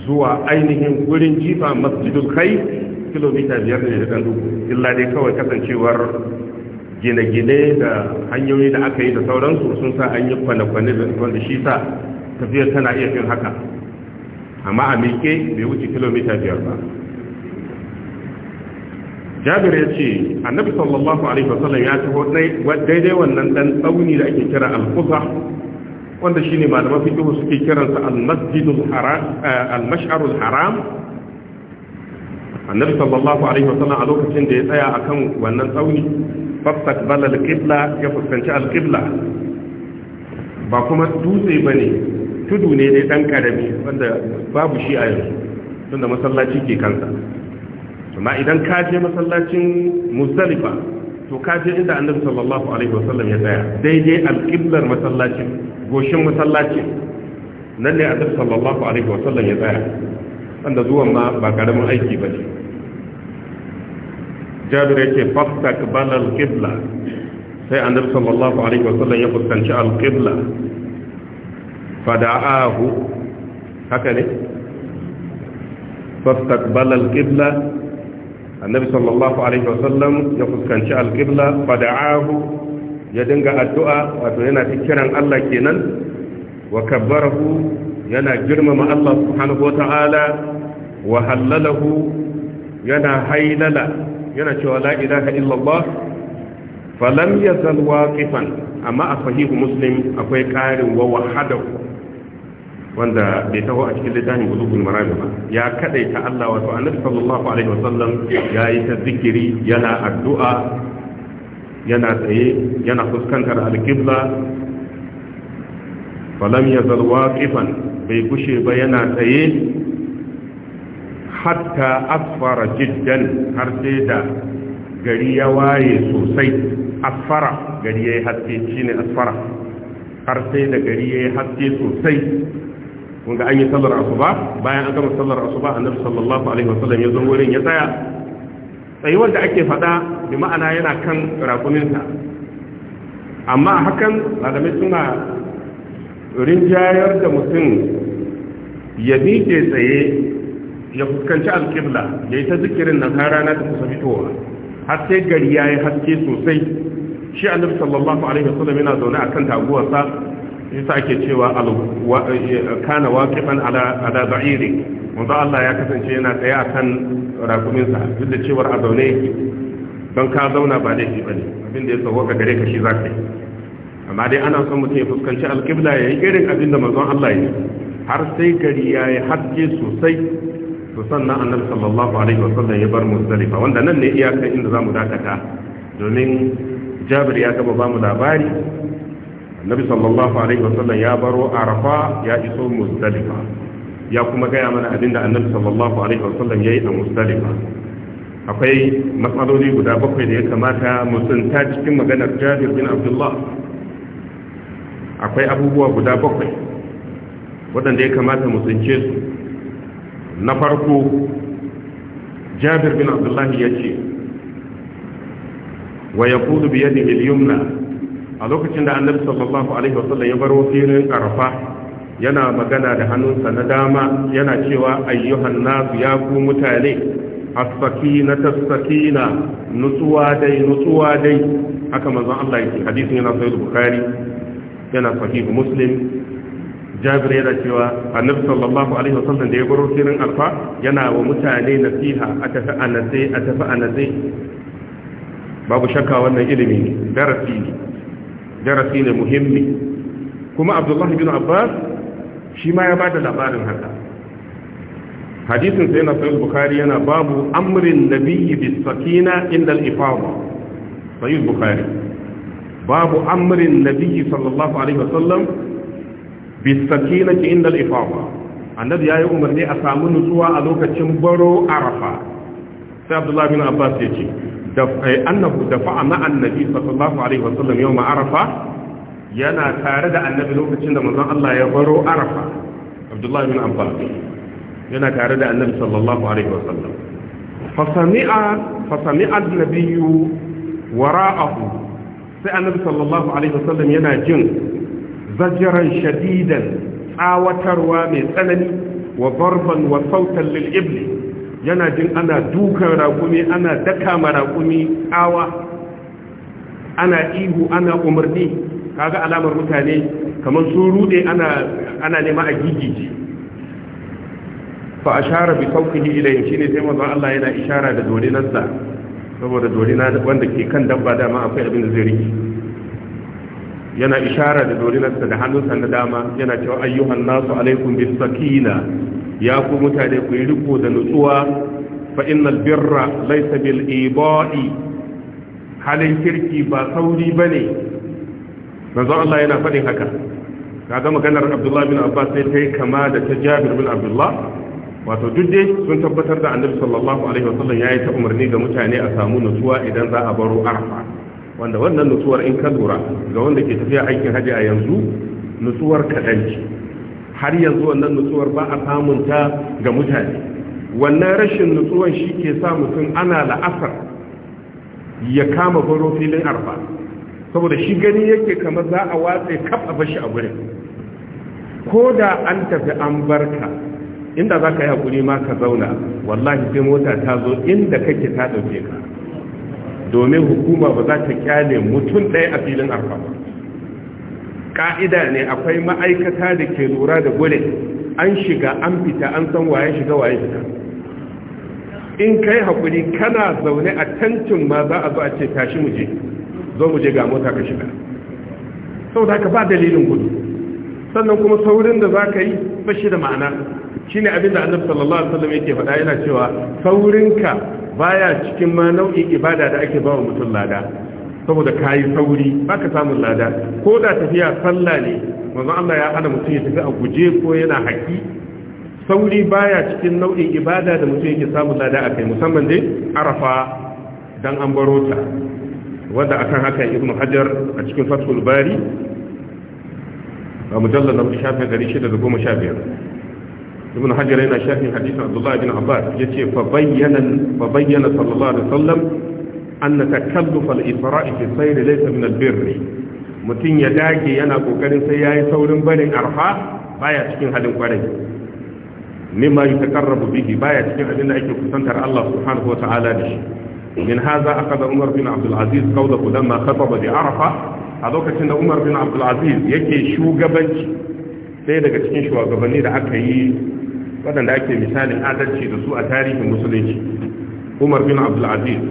zuwa ainihin gurin jifa masjidul khaif kilomita biyar ne da ɗan illa dai kawai kasancewar gine-gine da hanyoyi da aka yi da sauransu sun sa an yi kwane-kwane da shi sa tafiyar tana iya fin haka amma a miƙe bai wuce kilomita biyar ba jabir ya ce annabi sallallahu alaihi wasallam ya taho daidai wannan dan tsauni da ake kira al kusa wanda shine malaman fiqh suke kiransa al-masjidul haram eh, al-mash'arul haram annabi sallallahu alaihi wasallam a lokacin da ya tsaya akan wannan tsauni fastaqbala al-qibla ya fuskanci al-qibla ba kuma dutse bane tudu ne dai dan karami wanda babu shi a yanzu tunda masallaci ke kansa amma idan ka je masallacin musalifa to ka je inda annabi sallallahu alaihi wasallam ya tsaya daidai alqiblar masallacin goshin masallacin nan ne annabi sallallahu alaihi wasallam ya tsaya wanda zuwan ma ba karamin aiki ba ne jabir yake fastaqbala alqibla sai annabi sallallahu alaihi wasallam ya fuskanci alqibla fada'ahu haka ne fastaqbala al-qibla annabi sallallahu alaihi wasallam ya fuskanci al-qibla fada'ahu ya dinga addu'a wato yana ta kiran Allah kenan wa kabbarahu yana girmama Allah subhanahu wata'ala wa hallalahu yana hailala yana cewa la ilaha illallah falam yazal waqifan amma a fahimu muslim akwai ƙarin wa wahadahu wanda bai taho a cikin littafin ulugul marami ba ya ta Allah wato annabi sallallahu alaihi wasallam ya yi ta zikiri yana addu'a yana tsaye yana fuskantar alqibla falam ya yazal kifan bai gushe ba yana tsaye hatta asfara jiddan har sai da gari ya waye sosai asfara gari ya yi haske shine asfara har sai da gari ya yi haske sosai kun ga an yi sallar asuba bayan an gama sallar asuba annabi sallallahu alaihi wasallam ya zo wurin ya tsaya tsayuwar da ake faɗa bi ma'ana yana kan rakuminsa amma hakan malamai suna rinjayar da mutum ya miƙe tsaye ya fuskanci alƙibla ya yi ta zikirin nan har rana ta kusa fitowa har sai gari ya yi haske sosai shi annabi sallallahu alaihi wasallam yana zaune akan taguwarsa yasa ake cewa eh, kana waqifan ala ba'iri manzo Allah ya kasance yana tsaye akan rakuminsa. sa duk da cewa a zaune don ka zauna ba laifi bane abin da ya sauko ka gare ka shi zaka yi amma dai ana son mutum ya fuskanci ya yayi irin abin da manzon Allah ya har sai gari yi haske sosai to sannan annabi sallallahu alaihi wasallam ya bar muzdalifa wanda nan ne iyakar inda zamu dakata domin Jabir ya taɓa ba mu labari annabi sallallahu alaihi wasallam ya baro arafa ya iso muzdalifa ya kuma gaya mana abinda annabi sallallahu alaihi wasallam yayi a muzdalifa akwai matsaloli guda bakwai da ya kamata musunta cikin maganar jabir bin abdullah akwai abubuwa guda bakwai waɗanda ya kamata musunce su na farko jabir bin abdullah ya ce wa yaqulu bi yadihi al-yumna a lokacin da annabi sallallahu alaihi wasallam ya baro filin arfa yana magana da hannunsa na dama yana cewa ayyuhan nasu ya ku mutane as-sakina tas-sakina nutsuwa dai nutsuwa dai haka manzon Allah yake hadisin yana sahih bukhari yana sahih muslim jabir yana cewa annabi sallallahu alaihi wasallam da ya baro filin arfa yana wa mutane nasiha a tafi atafa a tafi babu shakka wannan ilimi darasi ne darasi ne muhimmi kuma abdullahi bin abbas shi ma ya bada labarin haka hadisin sai na sahih bukhari yana babu amrin nabiyyi bis sakina inda al-ifada sahih bukhari babu amrin nabiyyi sallallahu alaihi wasallam bis sakina inda al-ifada annabi yayi umarni a samu nutsuwa a lokacin baro arafa sai abdullahi bin abbas ya ce Eh, annahu dafa'a ma annabi sallallahu alaihi wasallam yau ma arafa yana tare da annabi lokacin da manzon Allah ya baro arafa abdullahi bin abbas yana tare da annabi sallallahu alaihi wasallam fasami'a fasami'a annabiyyu wara'ahu sai annabi sallallahu alaihi wasallam yana jin zajran shadidan tsawatarwa mai tsanani wa barban wa sautan lil ibli yana jin ana dukan raƙumi ana daka ma raƙumi ana ihu ana umarni kaga alamar mutane kamar sun rude ana ana nema a gigiji fa ashara bi sauqihi ilayhi shine sai manzon Allah yana ishara da dorinarsa saboda dorina wanda ke kan dabba dama akwai abin da zai riki yana ishara da dorinarsa da hannunsa na dama yana cewa ayyuhan nasu alaikum bis sakina ya ku mutane ku yi riko da nutsuwa fa innal birra laysa bil halin kirki ba sauri bane manzo Allah yana faɗin haka kaga maganar Abdullah bin Abbas sai kai kama da ta Jabir bin Abdullah wato duk dai sun tabbatar da Annabi sallallahu alaihi wasallam yayi ta umarni ga mutane a samu nutsuwa idan za a baro arafa. wanda wannan nutsuwar in ka lura ga wanda ke tafiya aikin haji a yanzu nutsuwar kaɗan ce har yanzu wannan nutsuwar ba a samun ta ga mutane wannan rashin nutsuwar shi ke sa mutum ana la'asar ya kama baro filin arfa saboda shi gani yake kamar za a watsa ya a bashi a gurin ko da an tafi an bar ka, inda za ka yi haƙuri ma ka zauna wallahi sai mota ta zo inda kake ta ɗauke ka domin hukuma ba za ta kyale mutum ɗaya a filin arfa ba ka'ida ne akwai ma'aikata da ke lura da gole an shiga an fita an san waye shiga waye fita in kai hakuri kana zaune a tantin ma za a zo a ce tashi mu zo mu ga mota ka shiga sau da ka ba dalilin gudu sannan kuma saurin da za ka yi ba da ma'ana shi ne abinda annabta sallallahu alaihi wasallam yake faɗa yana cewa saurinka baya cikin ma nau'in ibada da ake ba wa mutum lada saboda ka yi sauri ba ka samun lada ko da tafiya sallah ne manzo Allah ya hana mutum ya tafi a guje ko yana haki sauri baya cikin nau'in ibada da mutum yake samun lada a kai musamman dai arafa don an baro ta wanda akan haka ibnu hajar a cikin fathul bari a mujallar na shafin gari shida da goma sha biyar ibn hajar yana shafin hadisin abdullahi bin abbas ya ce fa bayyana sallallahu alaihi wasallam anna takallufal isra'i fi sayr laysa min albirr mutum ya dage yana kokarin sai yayi saurin barin arha baya cikin halin kwarai mimma yatakarrabu bihi baya cikin abin da ake kusantar Allah subhanahu wa ta'ala da shi min hadha aqada Umar bin Abdul Aziz qawluhu lamma khataba bi Arafa a lokacin da Umar bin Abdul Aziz yake shugabanci sai daga cikin shugabanni da aka yi waɗanda ake misalin adalci da su a tarihin musulunci Umar bin Abdul Aziz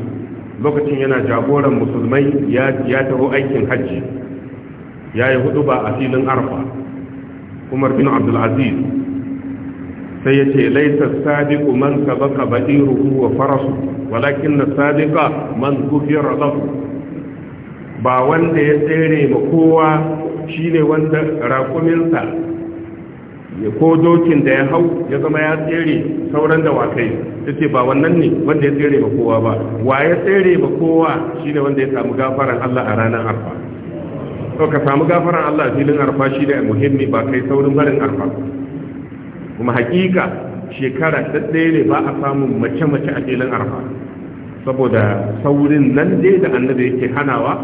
lokacin yana jagoran musulmai ya taho aikin hajji ya yi hudu ba a filin arfa umar bin abdulaziz sai ya ce laisa sadiku man sabaka badiruhu wa farasu walakin na sadiqa man gufira lahu ba wanda ya tsere ma kowa shine wanda rakuminsa ko dokin da ya hau ya zama ya tsere sauran da dawakai ta ce ba wannan ne wanda ya tsere ba kowa ba wa ya tsere ba kowa shi ne wanda ya samu gafaran Allah a ranar arfa to ka samu gafaran Allah a filin arfa shi ne muhimmi ba kai saurin barin arfa kuma hakika shekara ta tsere ba a samun mace-mace a filin arfa saboda saurin nan dai da annabi yake hanawa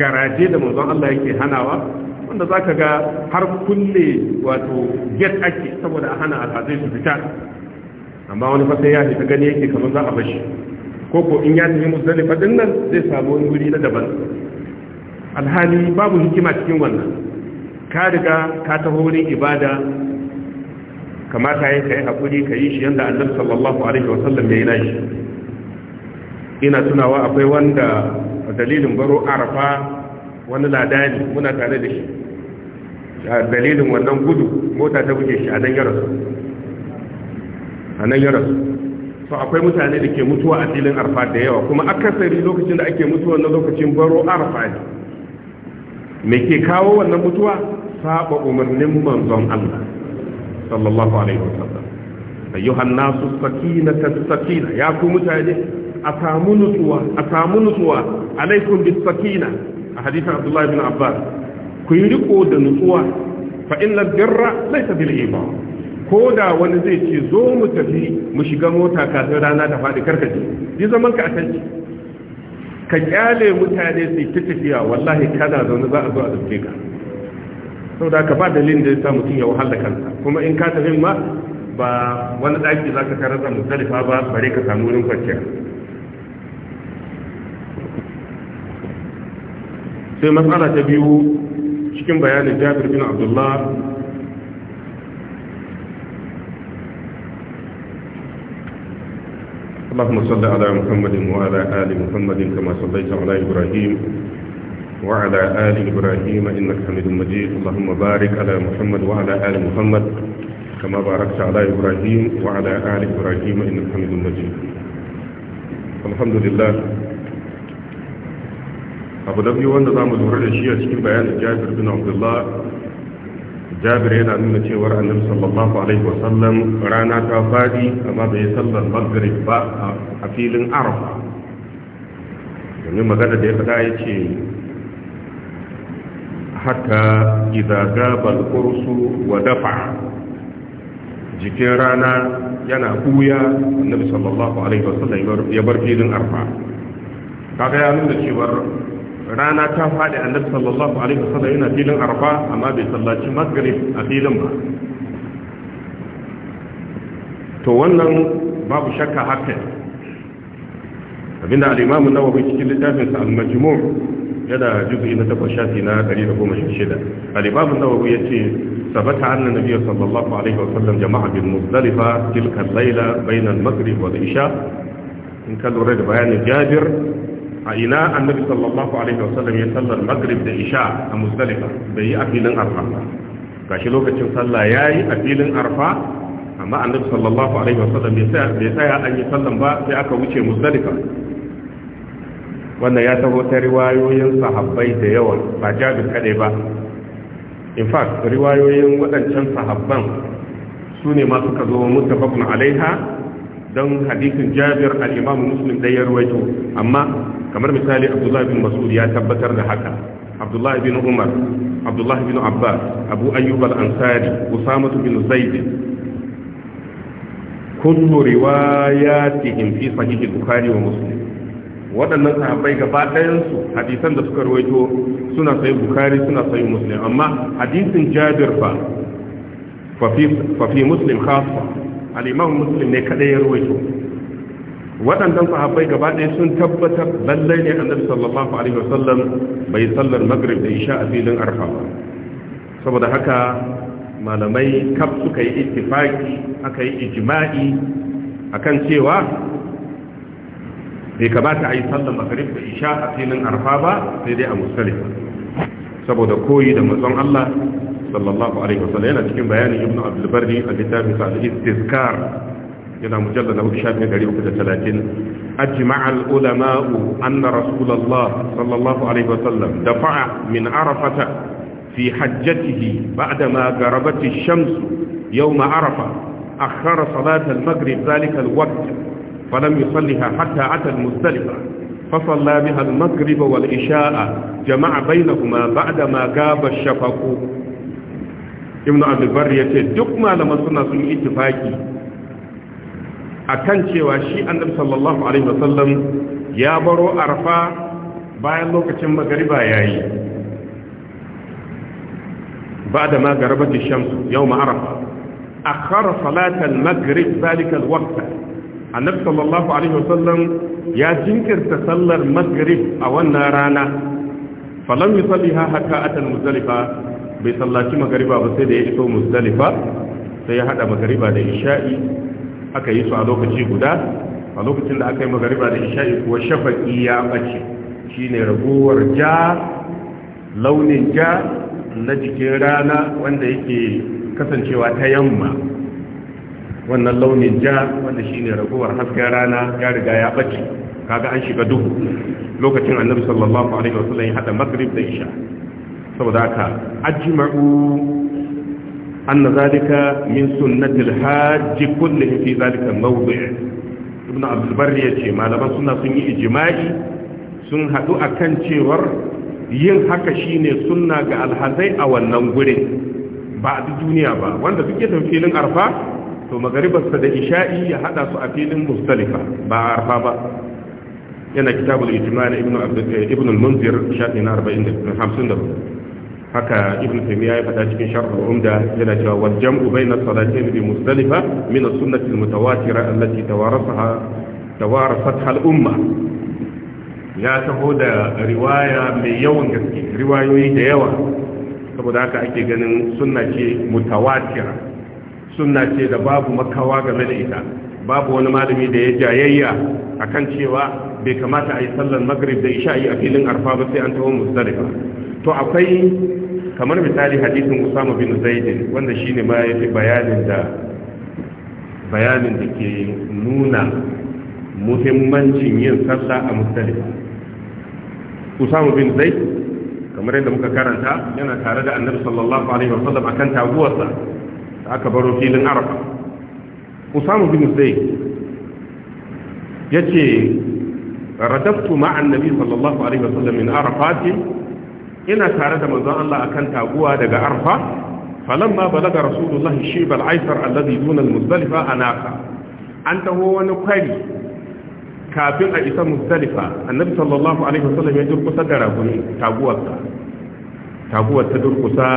garaje da manzon Allah yake hanawa wanda za ka ga har kulle wato get ake saboda a hana alhazai su fita amma wani fata ya fita gani yake kamar za a bashi ko ko in ya tafi musdalifa faɗin nan zai samu wani guri na daban alhali babu hikima cikin wannan ka riga ka taho wurin ibada kamata ya kai haƙuri ka yi shi yadda annabi sallallahu alaihi sallam ya yi nashi ina tunawa akwai wanda dalilin baro arafa wani ladani muna tare da shi dalilin wannan gudu mota ta buge shi a nan ya rasu a nan ya rasu so akwai mutane da ke mutuwa a filin arfa da yawa kuma akasari lokacin da ake mutuwa na lokacin baro arfa ne me ke kawo wannan mutuwa saba umarnin manzon Allah sallallahu alaihi wasallam ayyuhan nasu sakinata sakina ya ku mutane a samu nutsuwa a samu nutsuwa alaikum bis sakina a hadisin abdullahi bin abbas ku yi riko da nutsuwa fa inna birra bil iman ko da wani zai ce zo mu tafi mu shiga mota kafin rana da faɗi karkace yi zaman ka a can ka ƙyale mutane su ta tafiya wallahi kana zaune za a zo a dauke ka da ka ba dalilin da ya sa mutum ya wahala kansa kuma in ka tafi ma ba wani ɗaki za ka karanta musalifa ba bare ka samu wurin kwanciya sai matsala ta biyu cikin bayanin jabir bin abdullah اللهم صل على محمد وعلى آل محمد كما صليت على إبراهيم وعلى آل إبراهيم إنك حميد مجيد اللهم بارك على محمد وعلى آل محمد كما باركت على إبراهيم وعلى آل إبراهيم إنك حميد مجيد الحمد لله abu da biyu wanda za mu lura da shi a cikin bayanin jabir bin abdullah jabir yana nuna cewar annabi sallallahu alaihi wasallam rana ta fadi amma bai sallar maghrib ba a filin arafa domin magana da ya faɗa ya ce haka idan gabal kursu wa dafa jikin rana yana buya annabi sallallahu alaihi wasallam ya bar filin arafa kaga ya nuna cewar rana ta faɗi annabi sallallahu alaihi wasallam yana filin arba amma bai sallaci maghrib a filin ba to wannan babu shakka haka abinda al-imam an-nawawi cikin littafin sa al-majmu' yana juz'i na 8 shafi na 116 al-imam an-nawawi yace sabata anna nabiy sallallahu alaihi wasallam jama'a bil muzdalifa tilka al-layla bayna al-maghrib wal isha in ka lura da bayanin jabir a ina annabi sallallahu alaihi wasallam ya sallar maghrib da isha a musdalifa bai yi a filin arfa gashi lokacin sallah yayi a filin arfa amma annabi sallallahu alaihi wasallam bai tsaya an yi sallan ba sai aka wuce musdalifa wannan ya taho ta riwayoyin sahabbai da yawa ba jabir kadai ba in fact riwayoyin waɗancan sahabban su ne ma suka zo mutafakun alaiha don hadisin jabir al-imam muslim da ruwaito amma kamar misali abdullahi bin mas'ud ya tabbatar da haka abdullahi bin umar abdullahi bin abbas abu ayyub al-ansari usama bin zaid kullu riwayatihim fi sahih al-bukhari wa muslim waɗannan sahabbai gaba ɗayansu hadisan da suka ruwaito suna sayi bukari suna sayi muslim amma hadisin jabir fa fafi fi muslim khassa al'imam muslim ne kaɗai ya ruwaito waɗannan sahabbai gaba ɗaya sun tabbatar lallai ne annabi sallallahu alaihi wasallam bai sallar maghrib da isha a filin arfa ba saboda haka malamai kaf suka yi ittifaki aka yi ijma'i akan cewa bai kamata a yi sallar maghrib da isha a filin arfa ba sai dai a musalifa saboda koyi da mazan Allah صلى الله عليه وسلم هنا تكين بياني ابن عبد البر في كتابه فعل الاستذكار الى مجلد ابو شاب غريب كده 30 اجمع العلماء ان رسول الله صلى الله عليه وسلم دفع من عرفه في حجته بعدما غربت الشمس يوم عرفه اخر صلاه المغرب ذلك الوقت فلم يصليها حتى اتى المزدلفه فصلى بها المغرب والعشاء جمع بينهما بعدما غاب الشفق ibn abdulbar ya ce duk malaman suna sun yi A akan cewa shi annabi sallallahu alaihi wasallam ya baro arfa bayan lokacin magariba yayi بعد A غربت الشمس يوم عرفة أخر صلاة المغرب ذلك الوقت النبي صلى الله عليه وسلم يا جنكر تسلى المغرب أو النارانا فلم يصليها حتى أتى المزدلفة bai sallaci magariba ba sai da ya iso musdalifa sai ya hada magariba da isha'i aka yi su a lokaci guda a lokacin da aka yi magariba da isha'i kuwa shafaki ya bace shine ragowar ja launin ja na jikin rana wanda yake kasancewa ta yamma wannan launin ja wanda shine ragowar hasken rana ya riga ya bace kaga an shiga duhu lokacin annabi sallallahu alaihi wasallam ya hada maghrib da isha saboda haka ajma'u anna zalika min sunnati hajji hajj kullihi fi zalika mawdi' Ibnu abd al yace malaman sunna sun yi ijma'i sun hadu akan cewar yin haka shine sunna ga alhazai a wannan gurin ba a duniya ba wanda suke filin arfa to magaribarsa da isha'i ya hada su a filin mustalifa ba a arfa ba yana kitabul ijma' na ibn abd ibn al-munzir shafi na 40 54 haka ibn taymiya ya faɗa cikin sharhul umda yana cewa wal jam'u bayna salatayn bi mustalifa min as-sunnati al-mutawatira allati tawarasaha tawarasatha al-umma ya taho da riwaya mai yawan gaske riwayoyi da yawa saboda haka ake ganin sunna ce mutawatira sunna ce da babu makawa game da ita babu wani malami da ya jayayya akan cewa bai kamata a yi sallar magrib da isha'i a filin arfa ba sai an taho musdalifa to akwai kamar misali hadisin usama bin zaidin wanda shine ma ya bayanin da bayanin da ke nuna muhimmancin yin sassa a mustalifa usama bin zaid kamar yadda muka karanta yana tare da annabi sallallahu alaihi wasallam akan taguwarsa da aka baro filin arafa usama bin zaid yace radaftu ma'a annabi sallallahu alaihi wasallam min arafatin ina tare da manzon Allah akan taguwa daga arfa falamma balaga rasulullahi shibal aisar alladhi duna al-muzdalifa anaka an taho wani kwari kafin a isa muzdalifa annabi sallallahu alaihi wasallam ya durkusa da raguni taguwar ta taguwar ta durkusa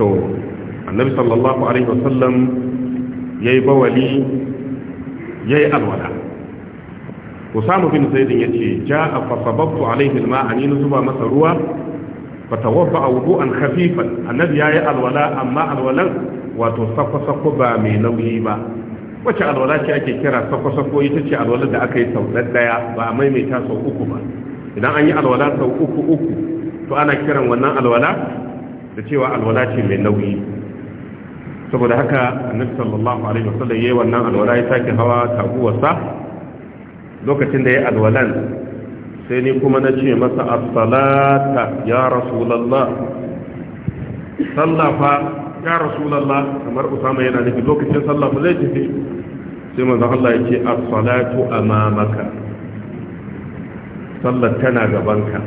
to annabi sallallahu alaihi wasallam yayi bawali yayi alwala usama bin zaid yace ja'a fa sababtu alaihi alma'a ni zuba masa ruwa fa tawaffa wudu'an khafifan annabi yayi alwala amma alwalan wato sako sako ba mai nauyi ba wacce alwala ce ake kira sako sako ita ce alwala da aka yi sau daya ba a maimaita sau uku ba idan an yi alwala sau uku uku to ana kiran wannan alwala da cewa alwala ce mai nauyi saboda haka annabi sallallahu alaihi wasallam yayi wannan alwala ya sake hawa taguwarsa lokacin da ya alwalan sai ni kuma na ce masa asalata ya rasulallah sallafa ya rasulallah kamar usama yana nufi lokacin sallafa zai tafi sai manzo Allah ya ce asalatu salatu amamaka sallar tana gabanka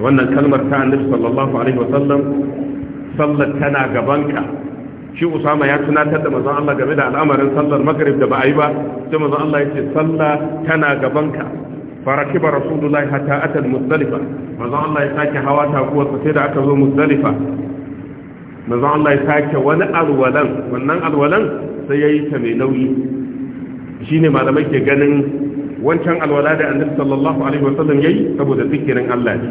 wannan kalmar ta annabi sallallahu alaihi wasallam sallar tana gabanka shi usama ya tunatar da manzon Allah game da al'amarin sallar maghrib da ba a yi ba sai manzon Allah ya ce sallah tana gabanka farakiba rasulullahi hatta ata muzdalifa manzon Allah ya sake hawa taguwar sa sai da aka zo muzdalifa manzon Allah ya sake wani alwalan wannan alwalan sai ya yi ta mai nauyi Shi ne malamai ke ganin wancan alwala da annabi sallallahu alaihi wasallam yi saboda zikirin Allah ne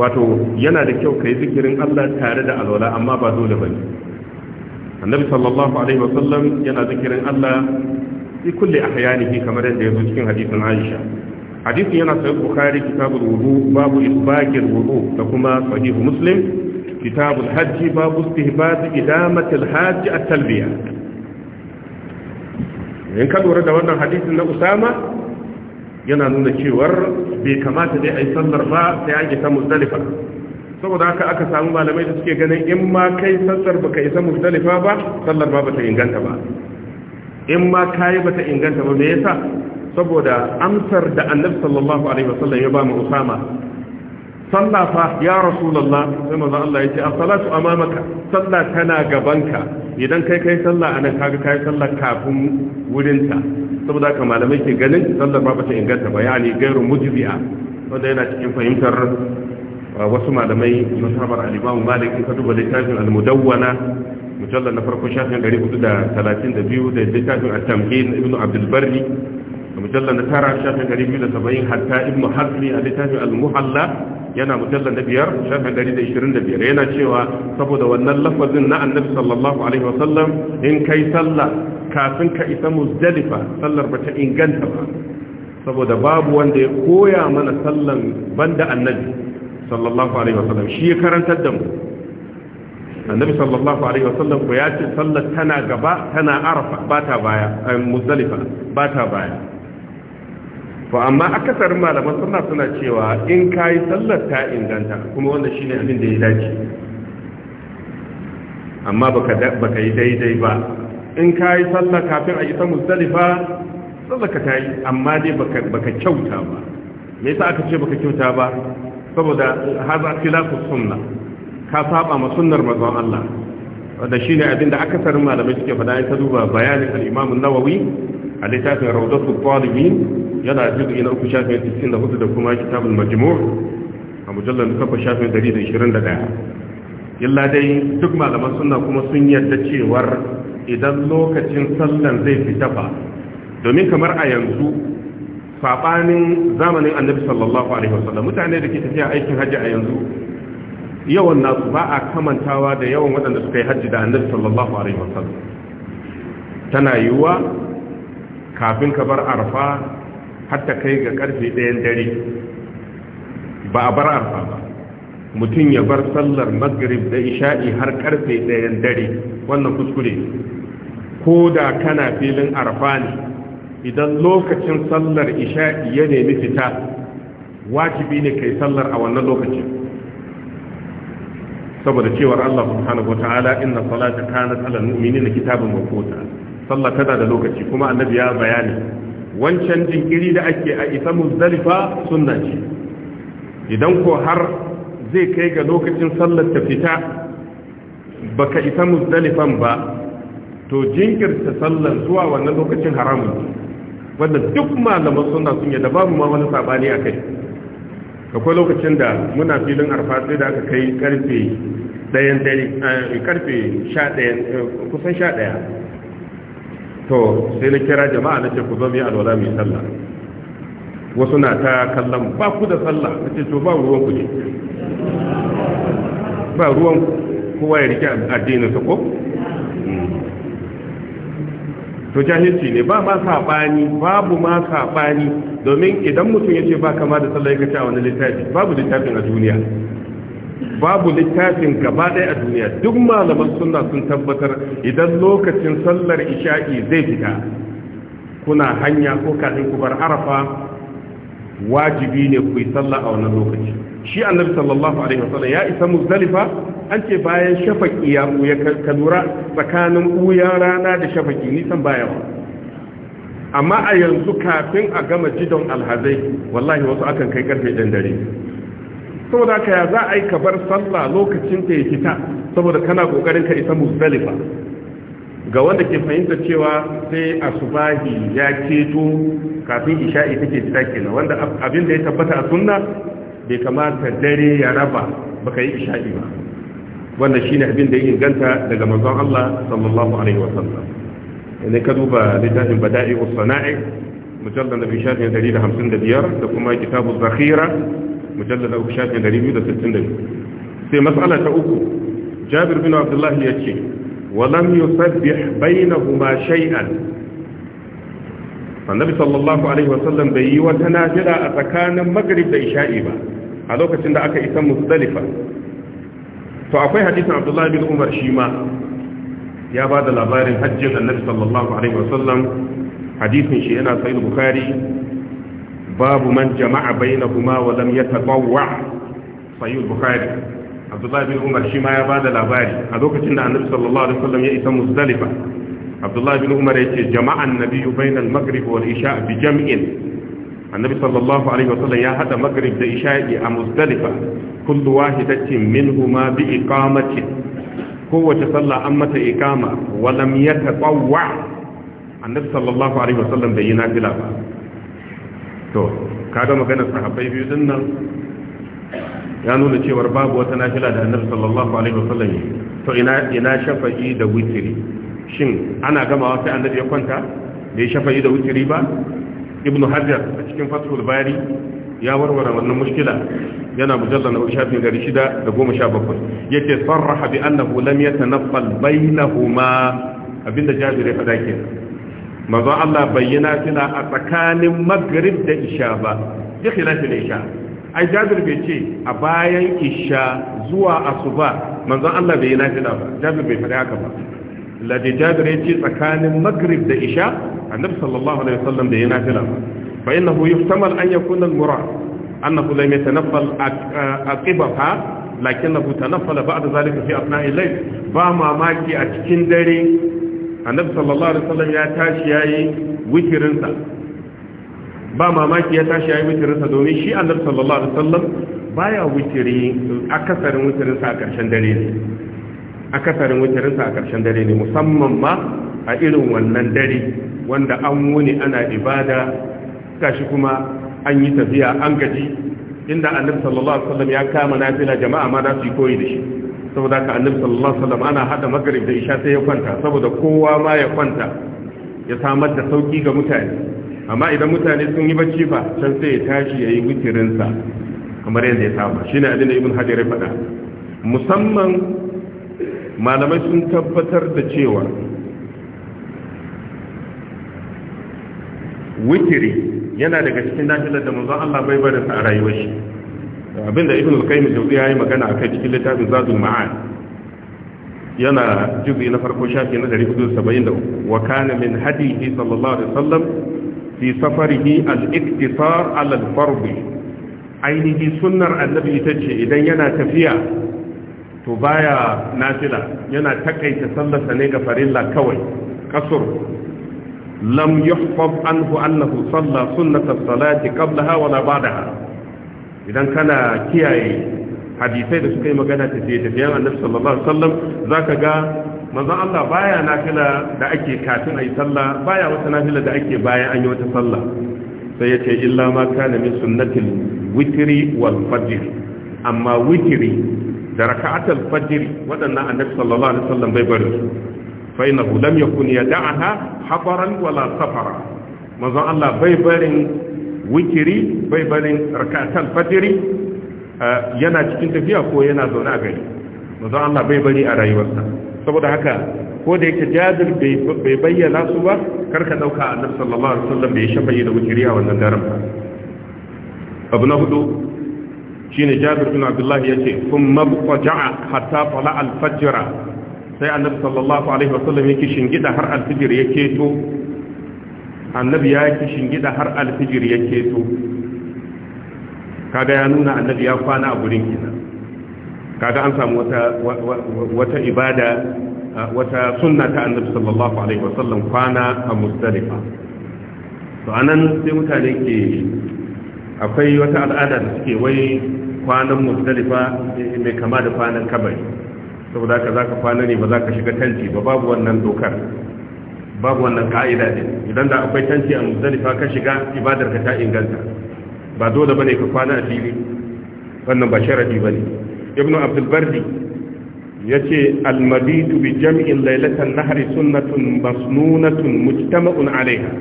wato yana da kyau ka yi zikirin Allah tare da alwala amma ba dole ba ne. annabi sallallahu alaihi wasallam yana zikirin Allah fi kulli ahyanihi kamar yadda ya zo cikin hadisin Aisha hadisin yana sahih Bukhari kitabul wudu babu isbaqil wudu da kuma sahih Muslim kitabul hajj babu istihbab idamatil hajj at-talbiya in ka lura da wannan hadisin na Usama yana nuna cewar bai kamata dai yi sallar ba sai an ta Muzdalifa saboda haka aka samu malamai da suke ganin in ma kai sallar baka isa muzdalifa ba sallar ba ba ta inganta ba in ma kai ta inganta ba me yasa saboda amsar da annabi sallallahu alaihi wasallam ya ba mu usama sallah fa ya rasulullah sai manzo Allah yace as-salatu amamaka sallah tana gabanka idan kai kai sallah anan kaga kai sallah kafin wurinta saboda haka malamai ke ganin sallar ba ba ta inganta ba yani gairu mujbi'a wanda yana cikin fahimtar wasu malamai masabar alimamu malik in ka duba littafin al-mudawwana mujallal na farko shafin 432 da littafin at-tamkin ibnu abdul barri mujallal na tara shafin 270 hatta ibnu hazmi a littafin al-muhalla yana mujallar na biyar shafin 125 yana cewa saboda wannan lafazin na annabi sallallahu alaihi wa sallam in kai sallah kafin ka isa muzdalifa sallar ba ta inganta ba saboda babu wanda ya koya mana sallan banda annabi sallallahu alaihi wasallam shi ya karantar da mu annabi sallallahu alaihi wasallam ko ya ce sallar tana gaba tana arafa ba ta baya eh, muzdalifa ba ta baya to amma akasarin malaman sunna suna cewa in kai sallar ta inganta kuma wanda shi ne abin da ya dace amma baka yi daidai ba in kai sallar kafin a isa muzdalifa sallar ka ta yi. amma dai baka kyauta ba me yasa aka ce baka kyauta ba saboda haza khilafu sunna ka saba ma sunnar manzon Allah wadda wanda shine abin da akasarin malamai suke faɗa ya duba bayanin al-Imam nawawi a littafin Rawdatul Talibin yana juz'i na 394 da kuma Kitabul Majmu' a mujallal 121 illa dai duk malaman sunna kuma sun yarda cewar idan lokacin sallan zai fita ba domin kamar a yanzu sabanin zamanin annabi sallallahu alaihi wasallam mutane da ke tafiya aikin hajji a yanzu yawan nasu ba a kamantawa da yawan waɗanda suka yi hajji da annabi sallallahu alaihi wasallam tana yiwuwa kafin ka bar arfa hatta kai ga karfe ɗayan dare ba a bar arfa ba mutum ya bar sallar maghrib da isha'i har karfe ɗayan dare wannan kuskure ko da kana filin arfa ne idan lokacin sallar isha'i ya nemi fita wajibi ne kai sallar a wannan lokacin saboda cewar Allah subhanahu wataala inna salata kana alal mu'minin kitabun mawquta sallar tana da lokaci kuma annabi ya bayani wancan jinkiri da ake a isa muzdalifa sunna ce idan ko har zai kai ga lokacin sallar ta fita baka isa muzdalifan ba to jinkirta sallar zuwa wannan lokacin haramun wanda duk malaman suna sun yadda babu ma wani sabani a kai akwai lokacin da muna filin arfa sai da aka kai karfe dayan dare eh, karfe sha ɗaya eh, kusan sha ɗaya to sai na kira jama'a na ce ku zo mu alwala mai sallah wasu na ta kallon ba ku da sallah na ce to ba ruwan ku ne ba ruwan kowa ya rike addinin sa ko to jahilci ne ba ma saɓani babu ma saɓani domin idan mutum ya ce ba kama da sallah ya a wani littafi babu littafin a duniya babu littafin gaba ɗaya a duniya duk malaman sunna sun tabbatar idan lokacin sallar isha'i zai fita kuna hanya ko kafin ku bar arafa wajibi ne ku yi sallah a wannan lokaci shi annabi sallallahu alaihi wasallam ya isa muzdalifa an ce bayan shafaki ya ɓuya ka lura tsakanin ɓuya rana da shafaki nisan baya ba amma a yanzu kafin a gama jidon alhazai wallahi wasu akan kai karfe ɗan dare saboda ka ya za a yi kabar sallah lokacin ta ya fita saboda kana ƙoƙarin ka isa musdalifa ga wanda ke fahimta cewa sai a ya ceto kafin isha'i take fita kenan wanda abin da ya tabbata a sunna bai kamata dare ya raba baka yi isha'i ba wanda shine abin da ya inganta daga manzon Allah sallallahu alaihi wasallam ne ka duba littafin bada'i usana'i mujallal nabi shafin 155 da kuma kitabu zakhira mujallal nabi shafin 262 sai mas'ala ta uku Jabir bin Abdullah ya ce wa lam yusabbih bainahuma shay'an annabi sallallahu alaihi wasallam bai yi wata nafila a tsakanin magrib da isha'i ba a lokacin da aka isa musdalifa to akwai hadisin abdullahi bin umar shi ma ya ba da labarin hajjin annabi sallallahu alaihi wasallam hadisin shi yana sahih bukhari babu man jama'a bainahuma wa lam yatatawwa sahih bukhari abdullahi bin umar shi ma ya ba da labari a lokacin da annabi sallallahu alaihi wasallam ya isa muzdalifa abdullahi bin umar yace jama'an nabiyyu bainal maghrib wal isha bi jam'in annabi sallallahu alaihi wasallam ya hada maghrib da isha'i a muzdalifa kullu wahidatin minhuma bi iqamati kowace sallah an mata iqama wa lam yatatawwa annabi sallallahu alaihi wasallam bai yi nafila ba to kaga maganar sahabbai biyu din nan ya nuna cewar babu wata nafila da annabi sallallahu alaihi wasallam to ina ina shafa'i da witri shin ana gama gamawa sai annabi ya kwanta bai shafa'i da witri ba ibnu hajar a cikin fathul bari ya warware wannan mushkila yana mujalla na shafin gari shida da goma sha bakwai yake sarraha bi annahu lam yatanaffal bainahuma abinda jabir ya fada ke manzo Allah bayyana tana a tsakanin maghrib da isha ba bi khilafi isha ai jabir bai ce a bayan isha zuwa asuba manzo Allah bai yana tana ba jabir bai fada haka ba ladi jabir ya ce tsakanin maghrib da isha annabi sallallahu alaihi wasallam da yana nafila fa innahu yuhtamal an yakuna al-murad annahu lam yatanaffal aqibaha lakinnahu tanaffala ba'da zalika fi asna'i al-layl ba mamaki a cikin dare annabi sallallahu alaihi wasallam ya tashi yayi witirin sa ba mamaki ya tashi yayi witirin sa domin shi annabi sallallahu alaihi baya witiri akasarin witirin a karshen dare akasarin wutarinsa a ƙarshen dare ne musamman ma a irin wannan dare wanda an wuni ana ibada kashi kuma an yi tafiya an gaji inda annabi sallallahu alaihi wasallam ya kama nafila jama'a ma za su koyi da shi saboda ka annabi sallallahu alaihi wasallam ana hada magrib da isha sai ya kwanta saboda kowa ma ya kwanta ya samar da sauki ga mutane amma idan mutane sun yi bacci fa can sai ya tashi ya yi wutirinsa kamar yadda ya saba shine abin da ibn hajar ya faɗa musamman malamai sun tabbatar da cewa witiri yana daga cikin nafilar da manzon Allah bai barin sa a rayuwar shi abinda ibn al-qayyim jawzi yayi magana akai cikin littafin zadul ma'ad yana juzi na farko shafi na 473 wa kana min hadihi sallallahu alaihi wasallam fi safarihi al-iktisar ala al-fard ainihi sunnar annabi tace idan yana tafiya to baya nafila yana takaita sallarsa ne ga farilla kawai kasur lam yuhfaz anhu annahu salla sunnata salati qablaha wala ba'daha idan kana kiyaye hadisai da suka yi magana ta ce tafiyan annabi sallallahu alaihi wasallam zaka ga manzon Allah baya nafila da ake kafin ayi sallah baya wata nafila da ake bayan an yi wata sallah sai yace illa ma kana min sunnatil witri wal fajr amma witri da raka'atul fajiri waɗannan annabi sallallahu alaihi wasallam bai bari fa innahu lam yakun yad'aha habaran wala safara manzon Allah bai barin wikiri bai barin raka'atul fajiri eh, yana cikin tafiya ko yana zaune a gari manzon Allah bai bari a rayuwarsa saboda haka ko da yake jabir bai bayyana su ba karka dauka annabi sallallahu alaihi wasallam bai shafayi da wikiri a wannan daren ba abu na hudu shine jabir bin abdullahi yace kun mabqa'a hatta tala al-fajr sai annabi sallallahu alaihi wasallam yake shingida har al-fajr yake to annabi ya yake shingida har al-fajr yake to kaga ya nuna annabi ya kwana a gurin kina kaga an samu wata wata ibada wata sunna ta annabi sallallahu alaihi wasallam kwana a muzdalifa to anan sai mutane ke akwai wata al'ada da suke wai kwanan muzdalifa eh, mai kama da kwanan kabari saboda ka za ka kwana ne ba za ka shiga tanti ba babu wannan dokar babu wannan ka'ida din idan da akwai tanti a muzdalifa ka shiga ibadar ka ta inganta ba dole bane ka kwana a fili wannan ba sharadi bane ibnu abdul bardi yace al-mabitu bi jam'in laylatan nahri sunnatun masnunatun mujtama'un 'alayha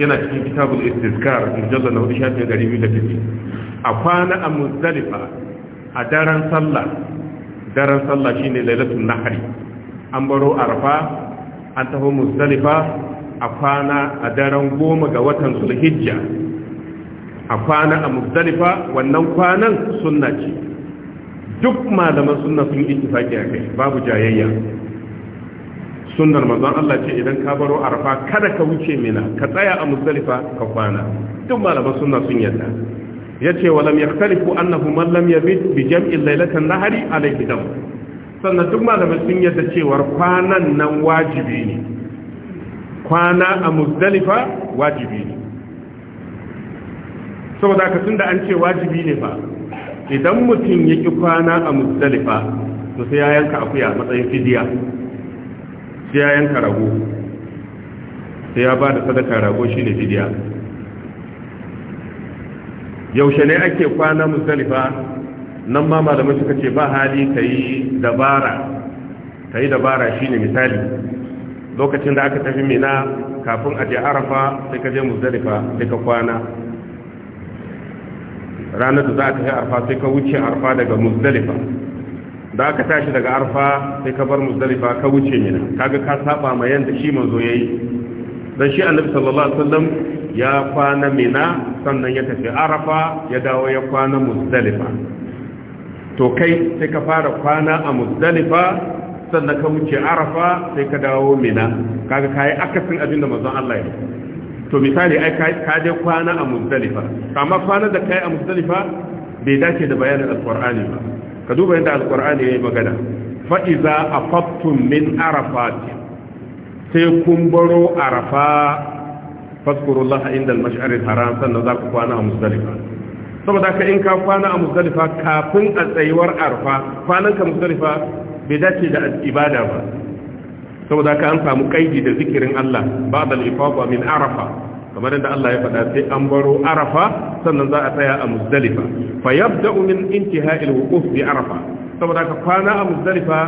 yana cikin kitabul istizkar mujallal na hudu shafin 1200 a kwana a muzdalifa a daren sallah daren sallah shine lailatul nahri an baro arfa an taho muzdalifa a kwana a daren goma ga watan zulhijja a kwana a muzdalifa wannan kwanan sunna ce duk malaman sunna sun yi ittifaki a kai babu jayayya sunnar manzon Allah ce idan ka baro arfa kada ka wuce mina ka tsaya a muzdalifa ka kwana duk malaman sunna sun yarda yace wa lam yaktalifu annahu man lam yabit bi jam'i lailatan nahari alayhi dam sannan duk malamai sun yadda cewar kwanan nan wajibi ne kwana a muzdalifa wajibi ne saboda ka tunda an ce wajibi ne ba idan mutum ya ki kwana a muzdalifa to sai ya yanka akuya matsayin fidiya sai ya yanka rago sai ya ba da sadaka rago shine fidiya yaushe ne ake kwana musdalifa nan ma malamai suka ce ba hali ka yi dabara ka yi dabara shi ne misali lokacin da aka tafi mina kafin a je arafa sai ka je musdalifa sai ka kwana ranar da za a tafi arfa sai ka wuce arfa daga musdalifa da aka tashi daga arfa sai ka bar musdalifa ka wuce mina kaga ka saba ma yanda shi manzo yayi dan shi annabi sallallahu alaihi wasallam ya kwana mina sannan ya tafi arafa ya dawo ya kwana muzdalifa to kai sai ka fara kwana a muzdalifa sannan ka wuce arafa sai ka dawo mina kaga kai akasin abin da manzon Allah ya to misali ai ka je kwana a muzdalifa amma kwana da kai a muzdalifa bai dace da bayanin alqur'ani ba ka duba yadda alqur'ani yayi magana fa iza afattum min arafat sai kun baro arafa fadkurullah inda al haram sannan za ku kwana a muzdalifa saboda ka in ka kwana a muzdalifa kafin a tsayuwar arafa kwanan ka muzdalifa bai dace da ibada ba saboda ka an samu kaidi da zikirin Allah ba al-ifaqa min arafa kamar yadda Allah ya faɗa sai an baro arafa sannan za a tsaya a muzdalifa fa yabda'u min intiha'il wuquf bi arafa saboda ka kwana a muzdalifa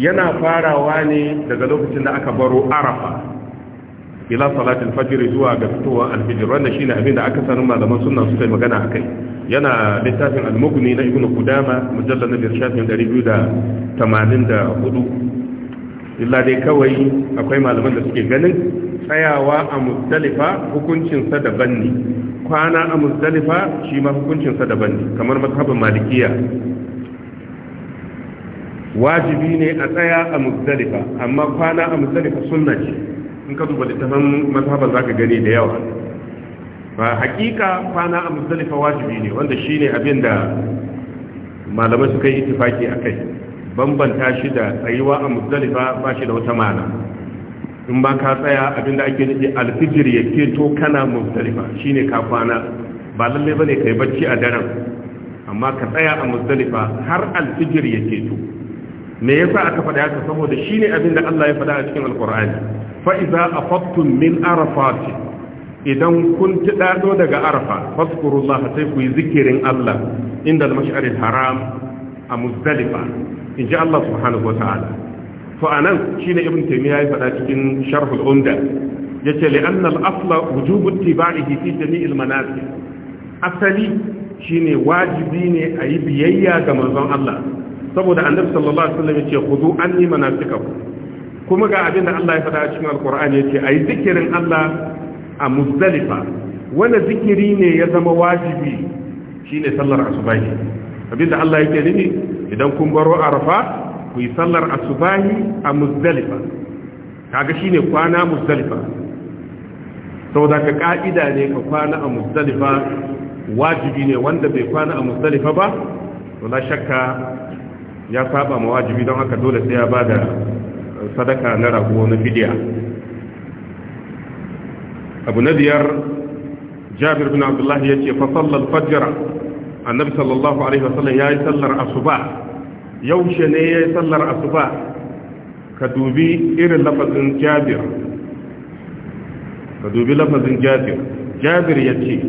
yana farawa ne daga lokacin da aka baro arafa ila salatin fajr zuwa ga fitowa alfijir wannan shine abin da aka sanin malaman sunna suka yi magana akai yana littafin al-mughni na ibnu qudama mujallad na birshafin 284 illa dai kawai akwai malaman da suke ganin tsayawa a muzdalifa hukuncinsa daban ne kwana a muzdalifa shi ma hukuncinsa daban ne kamar mazhabin malikiya wajibi ne a tsaya a muzdalifa amma kwana a muzdalifa sunna ce in ka duba littafin mazhaban zaka gani da yawa ba hakika kwana a muzdalifa wajibi ne wanda shine abin da malamai suka yi ittifaki akai bambanta shi da tsayuwa a muzdalifa ba shi da wata ma'ana in ba ka tsaya abinda ake nufi alfijir ya keto kana muzdalifa shine ka kwana ba lalle bane kai bacci a daren amma ka tsaya a muzdalifa har alfijir ya keto me yasa aka faɗa haka saboda shine abin da Allah ya faɗa a cikin Alƙur'ani. fa idza afattum min arafat idan kun tidado daga arafa fadhkurullaha sai ku yi zikirin Allah inda al-mash'aril haram a muzdalifa inji Allah subhanahu wa ta'ala to anan shine ibn taymiya ya faɗa cikin sharh al-umda yace li'anna al-asla wujubu ittiba'ihi fi jami'il manasik asali shine wajibi ne a yi biyayya ga manzon Allah saboda annabi sallallahu alaihi wasallam yace khudu anni manasikakum kuma ga abin da Allah ya faɗa a cikin alqur'ani yace ayi zikirin Allah a muzdalifa wanda zikiri ne ya zama wajibi shine sallar asubahi abinda Allah yake nufi idan kun baro arafa ku yi sallar asubahi a muzdalifa kaga shine kwana muzdalifa saboda ka ka'ida ne ka kwana a muzdalifa wajibi ne wanda bai kwana a muzdalifa ba wala shakka ya saba ma wajibi don haka dole sai ya ba da sadaka na rago na fidiya abu na biyar jabir bin abdullahi ya ce fasallar fajjara annabi sallallahu alaihi wasallam ya yi sallar asuba yaushe ne ya yi sallar asuba ka dubi irin lafazin jabir ka dubi lafazin jabir jabir ya ce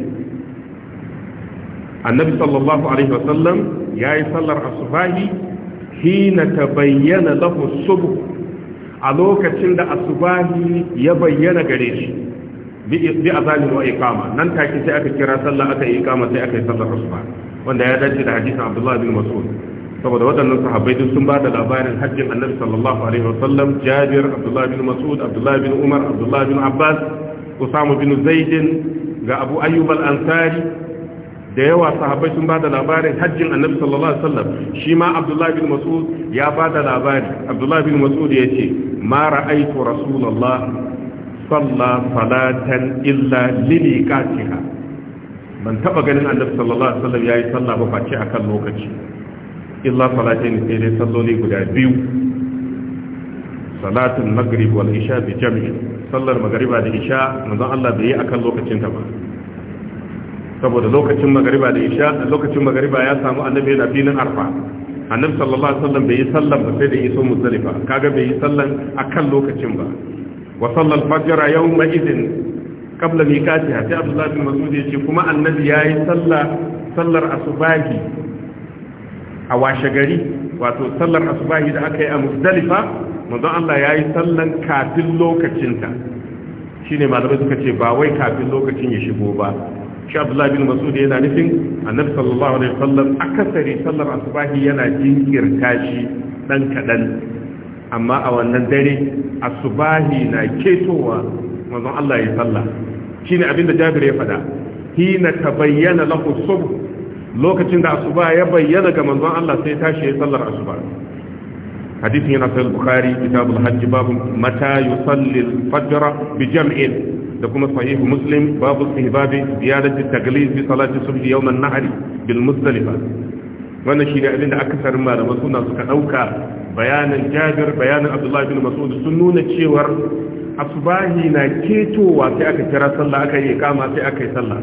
annabi sallallahu alaihi wasallam ya yi sallar asubahi hina ta bayyana lahu subu a lokacin da asubahi ya bayyana gare shi bi azamin wa iqama nan take sai aka kira sallah aka yi iqama sai aka yi sallar asuba wanda ya dace da hadisin Abdullahi bin Mas'ud saboda waɗannan sahabbai duk sun ba da labarin hajjin Annabi sallallahu alaihi sallam Jabir Abdullahi bin Mas'ud Abdullahi bin Umar Abdullahi bin Abbas Usama bin Zaid ga Abu Ayyub al-Ansari da yawa sahabbai sun ba da labarin hajjin annabi sallallahu alaihi wasallam shi ma abdullahi bin mas'ud ya ba da labari abdullahi bin mas'ud yace ma ra'aytu rasulullah salla salatan illa lili, liliqatiha ban taba ganin annabi sallallahu alaihi wasallam yayi sallah ba face akan lokaci illa salatain sai dai salloli guda biyu salatul maghrib wal isha bi jam'i sallar magriba da isha manzon Allah bai yi akan lokacin ta ba saboda lokacin magariba da isha lokacin magariba ya samu annabi yana filin arfa annabi sallallahu alaihi wasallam bai yi sallan ba sai da iso musalifa kaga bai yi sallan akan lokacin ba wa sallal fajr yawma idin qabla miqatiha sai abdullah bin mas'ud yace kuma annabi yayi salla sallar asubahi a washe gari wato sallar asubahi da aka yi a muzdalifa manzo Allah yayi sallan kafin lokacinta shine malamai suka ce ba wai kafin lokacin ya shigo ba shi abdullahi bin masud yana nufin annabi sallallahu alaihi wasallam akasari sallar asubahi yana jinkirta shi dan kadan amma a wannan dare asubahi na ketowa manzon Allah ya sallah shine abinda Jabir ya faɗa hina tabayyana lahu subh lokacin da asuba ya bayyana ga manzon Allah sai tashi ya sallar asuba hadisin yana sahih bukhari kitabul hajj babu mata yusalli al-fajr bi jam'in da kuma sahih muslim babu istihbabi ziyadati taglib bi salati subhi yawm an-nahr bil muzdalifa wannan shi ne abin da akasarin malaman suna suka dauka bayanin Jabir bayanin Abdullahi bin Mas'ud sun nuna cewar asubahi na ketowa sai aka kira sallah aka yi kama sai aka yi sallah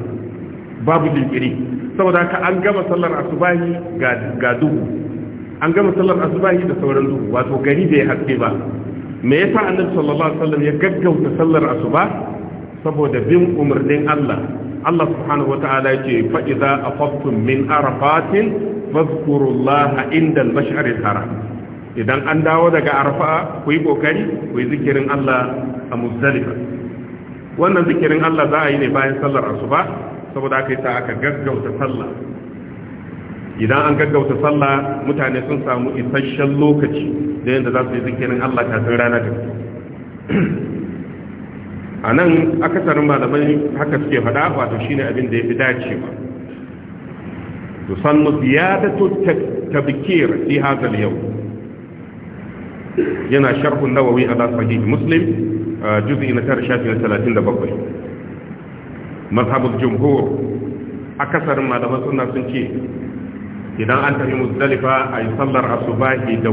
babu jinkiri saboda haka an gama sallar asubahi ga duhu an gama sallar asubahi da sauran duhu wato gari bai haske ba me yasa annabi sallallahu alaihi wasallam ya gaggauta sallar asuba saboda bin umarnin Allah Allah subhanahu wata'ala yake fa idza afattum min arafatin fadhkurullaha inda al tara. idan an dawo daga arafa ku yi kokari ku yi zikirin Allah a muzdalifa wannan zikirin Allah za a yi ne bayan sallar asuba saboda aka yi ta aka gaggauta sallah idan an gaggauta sallah mutane sun samu isasshen lokaci da yadda za su yi zikirin Allah kafin rana ta a nan akasarin malamai haka suke faɗa wato shine abin da ya fi dacewa tusannu ziyadatu tabkir fi hadha al yana sharhun an-nawawi ala sahih muslim juz'i na 9 shafi na 37 mazhab jumhur akasarin malamai sunna sun ce idan an tafi muzdalifa yi sallar asubahi da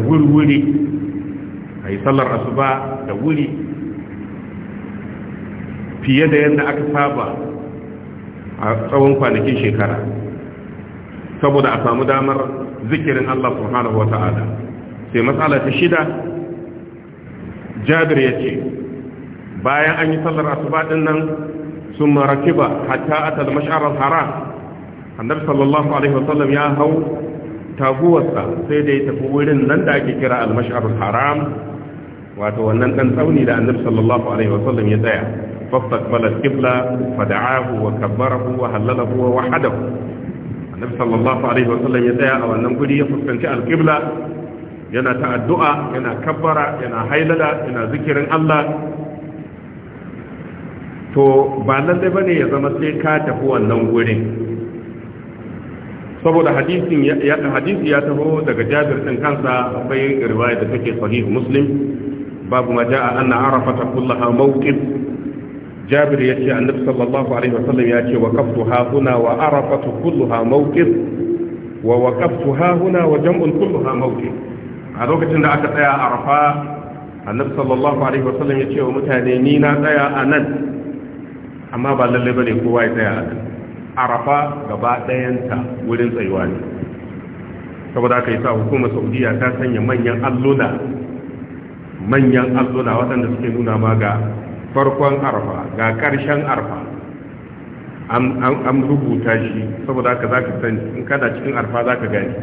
a yi sallar asuba da wuri fiye da yadda aka saba a tsawon kwanakin shekara saboda a samu damar zikirin Allah subhanahu wa ta'ala sai matsala ta shida jabir ya ce bayan an yi sallar asuba din nan sun ba hatta a talmasharar haram annabi sallallahu alaihi wasallam ya hau taguwarsa sai da ya tafi wurin nan da ake kira almasharar haram wato wannan dan tsauni da annabi sallallahu alaihi wasallam ya tsaya فاستقبل القبلة فدعاه وكبره وهلله ووحده النبي صلى الله عليه وسلم يدعى أو النمجد يفسكنت القبلة ينا تأدعى ينا كبر ينا هيللة ينا ذكر الله to ba lallai bane ya zama sai ka tafi wannan wurin? saboda hadisin ya hadisi ya taho daga Jabir din kansa akwai riwaya da take sahih Muslim babu ma jaa anna arafata kullaha mawqif jabir ya ce annabi sallallahu alaihi wasallam ya ce waqaftu hahuna wa arafatu kulluha mawqif wa waqaftu hahuna wa jam'un kulluha mawqif a lokacin da aka tsaya arafa annabi sallallahu alaihi wasallam ya ce wa mutane ni na tsaya a nan amma ba lalle bane kowa ya tsaya a nan arafa gaba ɗayanta wurin tsayuwa ne saboda aka yi sa hukumar saudiya ta sanya manyan alluna manyan alluna waɗanda suke nuna ma ga farkon arfa ga ƙarshen arfa an rubuta shi saboda haka za ka sani in kana cikin arfa za ka gani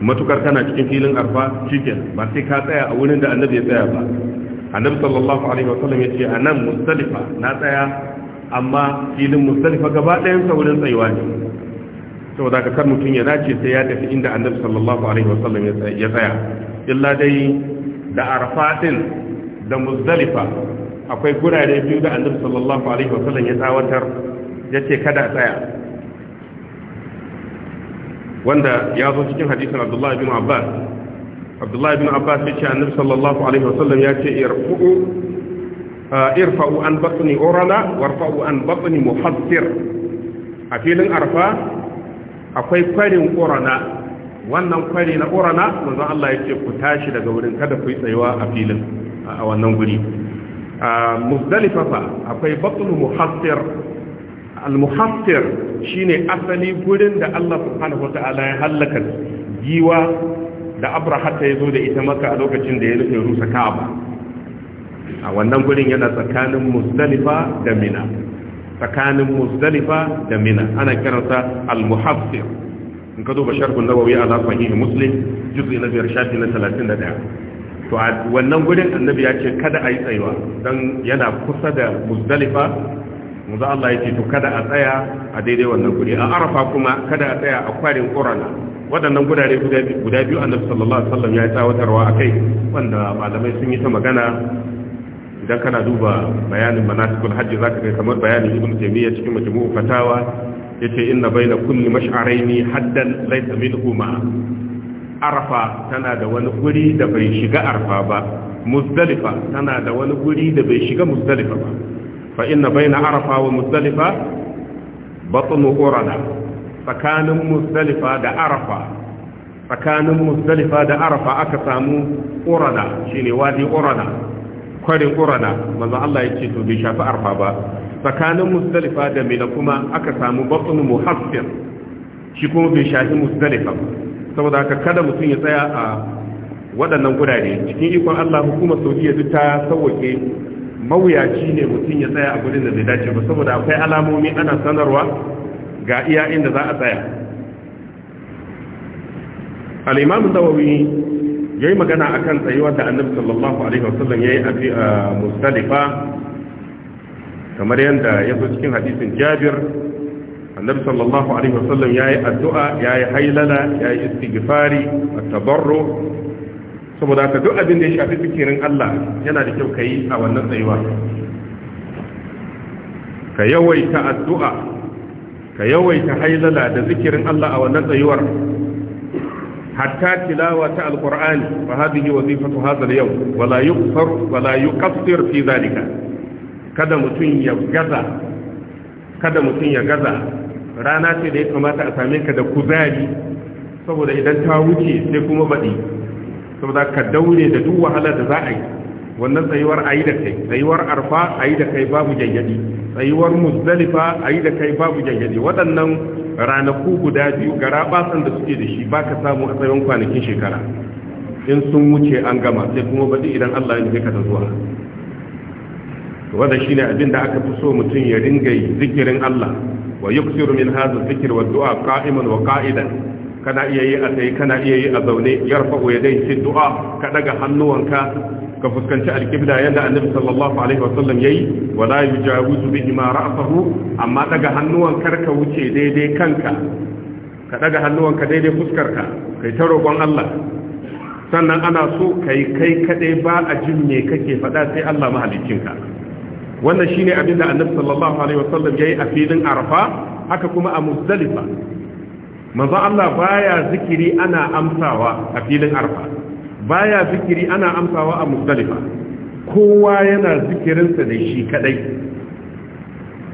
matukar kana cikin filin arfa cikin ba sai ka tsaya a wurin da annabi ya tsaya ba annabi sallallahu alaihi wa sallam ya ce a nan mustalifa na tsaya amma filin mustalifa gaba ɗayan sa wurin tsayuwa ne saboda haka kar mutum ya dace sai ya tafi inda annabi sallallahu alaihi wa sallam ya tsaya illa dai da arfa din da muzdalifa akwai gurare biyu da annabi sallallahu alaihi wasallam ya tsawatar ya ce kada tsaya wanda ya zo cikin hadisin abdullahi bin abbas abdullahi bin abbas ya ce annabi sallallahu alaihi wasallam ya ce irfu'u irfa'u an batni urala warfa'u an batni muhassir a filin arfa akwai kwarin urana wannan kwari na urana manzo Allah ya ce ku tashi daga wurin kada ku yi tsayuwa a filin a wannan guri a muzdalifa akwai batnu muhassir al-muhassir shine asali gurin da Allah subhanahu wataala ya halaka giwa da abraha ta yazo da ita maka a lokacin da ya rufe rusa ka'aba a wannan gurin yana tsakanin muzdalifa da mina tsakanin muzdalifa da mina ana kiransa al-muhassir in ka zo duba sharhun nawawi ala sahih muslim juz'i na biyar shafi na 31 to a wannan gurin annabi ya ce kada a yi tsayuwa don yana kusa da muzdalifa muza Allah ya ce to kada a tsaya a daidai wannan guri a arafa kuma kada a tsaya a kwarin ƙorana waɗannan gurare guda biyu annabi sallallahu alaihi wasallam ya yi tsawatarwa a kai wanda malamai sun yi ta magana idan kana duba bayanin manasikul hajji zaka ga kamar bayanin ibn Jami'a cikin majmu'u fatawa yace inna baina kulli mash'araini haddan laysa minhu arfa tana da wani guri da bai shiga arfa ba muzdalifa tana da wani guri da bai shiga muzdalifa ba fa inna baina arfa wa muzdalifa batnu urana tsakanin muzdalifa da arfa tsakanin muzdalifa da arfa aka samu urana shine wadi urana kwarin urana manzo Allah yake to bai shafi arfa ba tsakanin muzdalifa da mina kuma aka samu batnu muhaffir shi kuma bai shafi muzdalifa ba saboda haka kada mutum ya tsaya a waɗannan gudare cikin ikon Allah hukumar Saudiya duk ta sauwake mawuyaci ne mutum ya tsaya a gudun da zai dace ba saboda akwai alamomi ana sanarwa ga iya inda za a tsaya al-imam ya yayi magana akan tsayuwa da Annabi sallallahu alaihi wasallam yayi a mustalifa kamar yadda ya zo cikin hadisin Jabir annabi sallallahu alaihi wasallam yayi addu'a yayi hailala yayi istighfari at-tabarru saboda haka duk abin da ya shafi fikirin Allah yana da kyau kai a wannan tsayuwa ka yawaita addu'a ka yawaita hailala da zikirin Allah a wannan tsayuwar hatta tilawa ta alqur'ani fa hadhihi wazifatu hadha al-yawm wala wa wala yuqassir fi dhalika kada mutun ya gaza kada mutun ya gaza rana ce da ya kamata a same ka da kuzari saboda idan ta wuce sai kuma baɗi saboda ka daure da duk wahalar da za a yi wannan tsayuwar a yi da kai tsayuwar arfa a yi da kai babu jayyadi tsayuwar musdalifa a yi da kai babu jayyadi waɗannan ranaku guda biyu gara basan da suke da shi ba ka samu a tsayon kwanakin shekara in sun wuce an gama sai kuma baɗi idan allah ya ka ta zuwa wanda shine abin da aka fi so mutum ya ringa yi zikirin allah wa yuksiru min hadha dhikr wa du'a qa'iman wa qa'idan kana iya yi a tsaye kana iya yi a zaune yarfa'u yadayhi fi du'a ka daga hannuwanka ka fuskanci alkibla yadda annabi sallallahu alaihi wasallam yayi wala yujawizu bihi ma ra'sahu amma daga hannuwan karka wuce daidai kanka ka daga hannuwan daidai fuskarka kai ta roƙon Allah sannan ana so kai kai kaɗai ba a jin me kake faɗa sai Allah ka. wannan shi ne abin da annabi sallallahu alaihi wasallam yi a filin arfa haka kuma a muzdalifa manzo Allah baya zikiri ana amsawa a filin arfa baya zikiri ana amsawa a muzdalifa kowa yana zikirinsa da shi kadai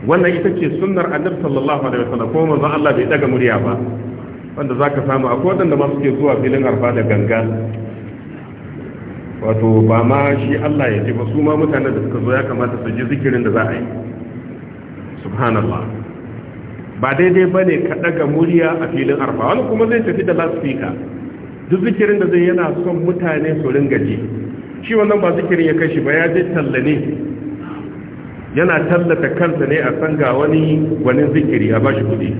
wannan ita ce sunnar annabi sallallahu alaihi wasallam ko manzo Allah bai daga murya ba wanda zaka samu akwai wanda ma suke zuwa filin arfa da ganga wato ba ma shi Allah ya ce ba su ma mutanen da suka zo ya kamata su ji zikirin da za a yi subhanallah ba daidai ba ne ka ɗaga murya a filin arfa wani kuma zai tafi da lasfika duk zikirin da zai yana son mutane su ringa ji shi wannan ba zikirin ya kashi ba ya je talla ne yana tallata kansa ne a san ga wani wani zikiri a bashi kuɗi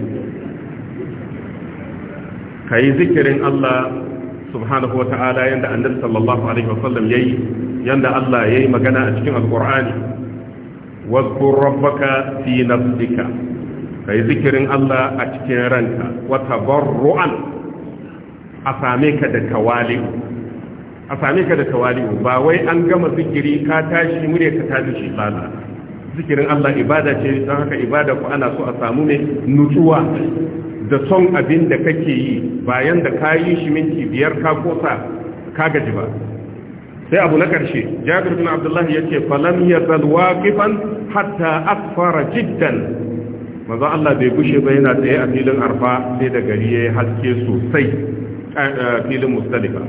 ka yi zikirin Allah subhanahu wa ta'ala yanda annabi sallallahu alaihi wasallam yayi yanda Allah yayi magana a cikin alqur'ani wazkur rabbaka fi nafsika kai zikirin Allah a cikin ranka wa tabarruan a same ka da tawali a same ka da tawali ba wai an gama zikiri ka tashi mure ka tashi shi lala zikirin Allah ibada ce don haka ibada ku ana so a samu ne nutsuwa da son abin da kake yi bayan da ka yi shi minti biyar ka kosa ka gaji ba sai abu na ƙarshe jabir bin abdullahi ya ce falam ya zalwa kifan hatta asfara jiddan maza Allah bai bushe ba yana tsaye a filin arfa sai da gari ya haske sosai a filin mustalifa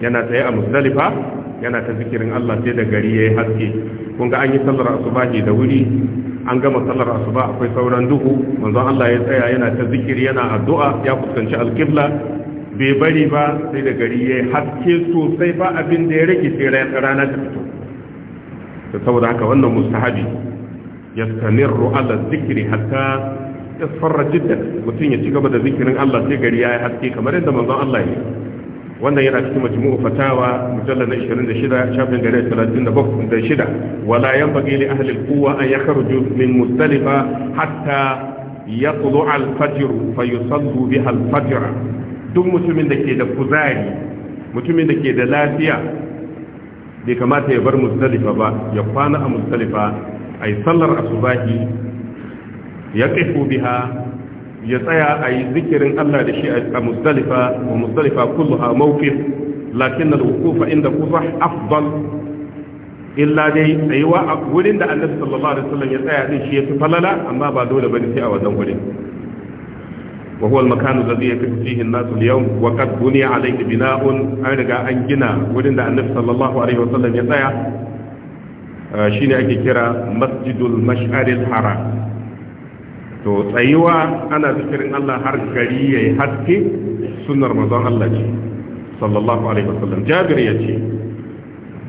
yana tsaye a mustalifa yana ta zikirin Allah sai da gari ya haske kun ga an yi sallar asubahi da wuri an gama sallar asuba akwai sauran duhu manzon Allah ya tsaya yana ta zikiri yana addu'a ya fuskanci alkibla bai bari ba sai da gari yayi haske sosai ba abin da ya rage sai rana ta fito to saboda haka wannan mustahabi yastamirru ala zikri hatta yasfarra jiddak mutum ya ci gaba da zikirin Allah sai gari yayi haske kamar yadda manzon Allah ya yi wannan yana cikin majmu'u fatawa mujallal na 26 shafin gare 37 da shida wala yanbaghi li ahli al-quwwa an yakhruju min mustalifa hatta yatlu al-fajr fa yusallu biha al-fajr duk mutumin da ke da kuzari mutumin da ke da lafiya bai kamata ya bar mustalifa ba ya kwana a mustalifa ay sallar asubahi yaqifu biha ya tsaya a yi zikirin Allah da shi a musdalifa wa musdalifa kulluha mawqif lakin al-wuqufa inda kufa afdal illa dai aiwa a wurin da Annabi sallallahu alaihi wasallam ya tsaya din shi ya fi falala amma ba dole bane sai a wannan wurin wa huwa al-makan alladhi yakunu fihi an-nas al-yawm wa qad buniya alayhi bina'un an riga an gina wurin da Annabi sallallahu alaihi wasallam ya tsaya shine ake kira Masjidul Mash'aril Haram to tsayuwa ana zikirin Allah har gari ya yi haske sunar mazan Allah ce sallallahu alaihi wasallam jabir ya ce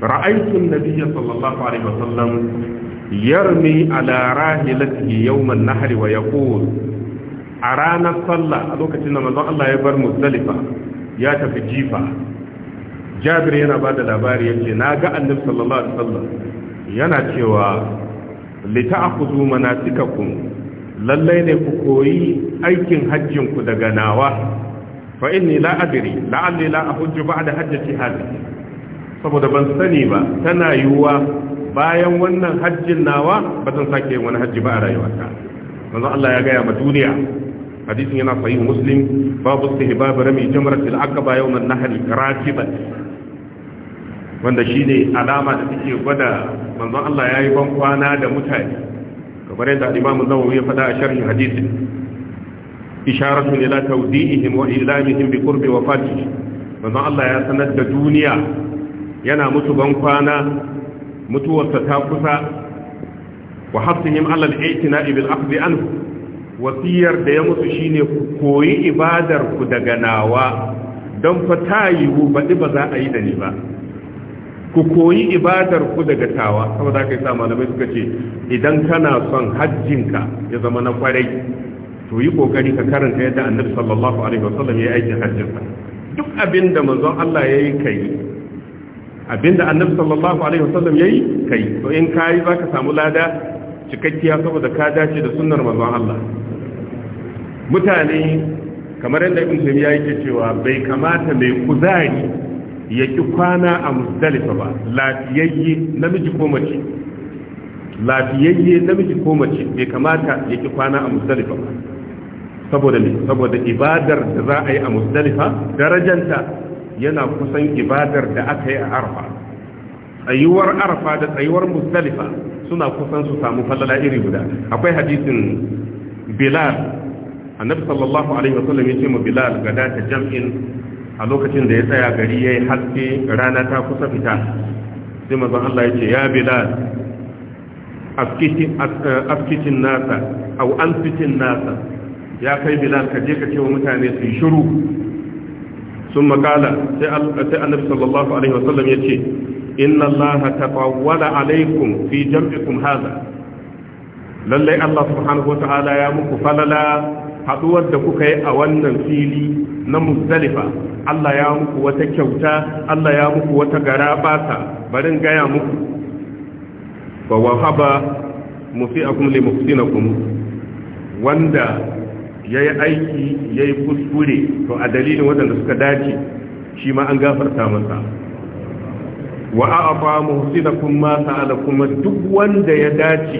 ra'aitun nabiyya sallallahu alaihi wasallam yarmi ala rahilatihi yawman nahri wa yaqul a ranar sallah a lokacin da mazan Allah ya bar muzdalifa ya tafi jifa jabir yana ba da labari ya ce na ga annabi sallallahu alaihi wasallam yana cewa lita'khudhu manasikakum lallai ne ku koyi aikin hajjin ku daga nawa fa inni la adri la'alli la ahujju ba'da hajjati hadhi saboda ban sani ba tana yiwuwa bayan wannan hajjin nawa ba zan sake yin wani hajji ba a rayuwata manzo Allah ya gaya ma duniya hadisin yana sahih muslim babu istihbab rami jamratil aqaba yawm an-nahr rakiban wanda shine alama da take gwada manzo Allah yayi ban kwana da mutane kamar yadda al zama ya faɗa a sharhin hadisi isharatu ila tawdihihim wa ilamihim bi qurbi wafatihi manzon Allah ya sanar da duniya yana mutu ban kwana mutuwarsa ta kusa wa hafsihim ala al bil aqdi anhu wasiyar da ya mutu shine ku koyi ibadar ku daga nawa don fa ta yiwu baɗi ba za a yi da ni ba ku koyi ibadar ku daga tawa saboda haka yasa malamai suka ce idan kana son hajjinka ya zama na kwarai to yi kokari ka karanta yadda annabi sallallahu alaihi wasallam ya aikin hajjinsa duk abinda manzon Allah ya yi kai abinda annabi sallallahu alaihi wasallam ya yi kai to in kai zaka samu lada cikakkiya saboda ka dace da sunnar manzon Allah mutane kamar yadda ibn Taymiyyah yake cewa bai kamata mai kuzari ya ƙi kwana a musdalifa ba lafiyayye namiji ko mace lafiyayye namiji ko mace bai kamata ya ƙi kwana a musdalifa ba saboda ne saboda ibadar da za a yi a musdalifa darajanta yana kusan ibadar da aka yi a arfa tsayuwar arfa da tsayuwar musdalifa suna kusan su samu falala iri guda akwai hadisin bilal annabi sallallahu alaihi wasallam ya ce ma bilal gada ta jam'in a lokacin da ya tsaya gari ya yi haske rana ta kusa fita sai mazan Allah ya ce ya bilal afkicin eh, nasa au an nasa ya kai bilal ka je ka ce wa mutane su yi shiru sun makala sai annabi sallallahu alaihi wasallam ya ce inna Allah tafawwala alaikum fi jam'ikum haza. lallai Allah subhanahu wa ta'ala ya muku falala haduwar da kuka yi a wannan fili na muzdalifa Allah ya muku wata kyauta Allah ya muku wata gara bata barin gaya muku ba wahaba musi'akum li muhsinakum wanda yayi aiki yayi kuskure to a dalilin wadanda suka dace shi ma an gafarta masa wa a'afa muhsinakum ma kuma duk wanda ya dace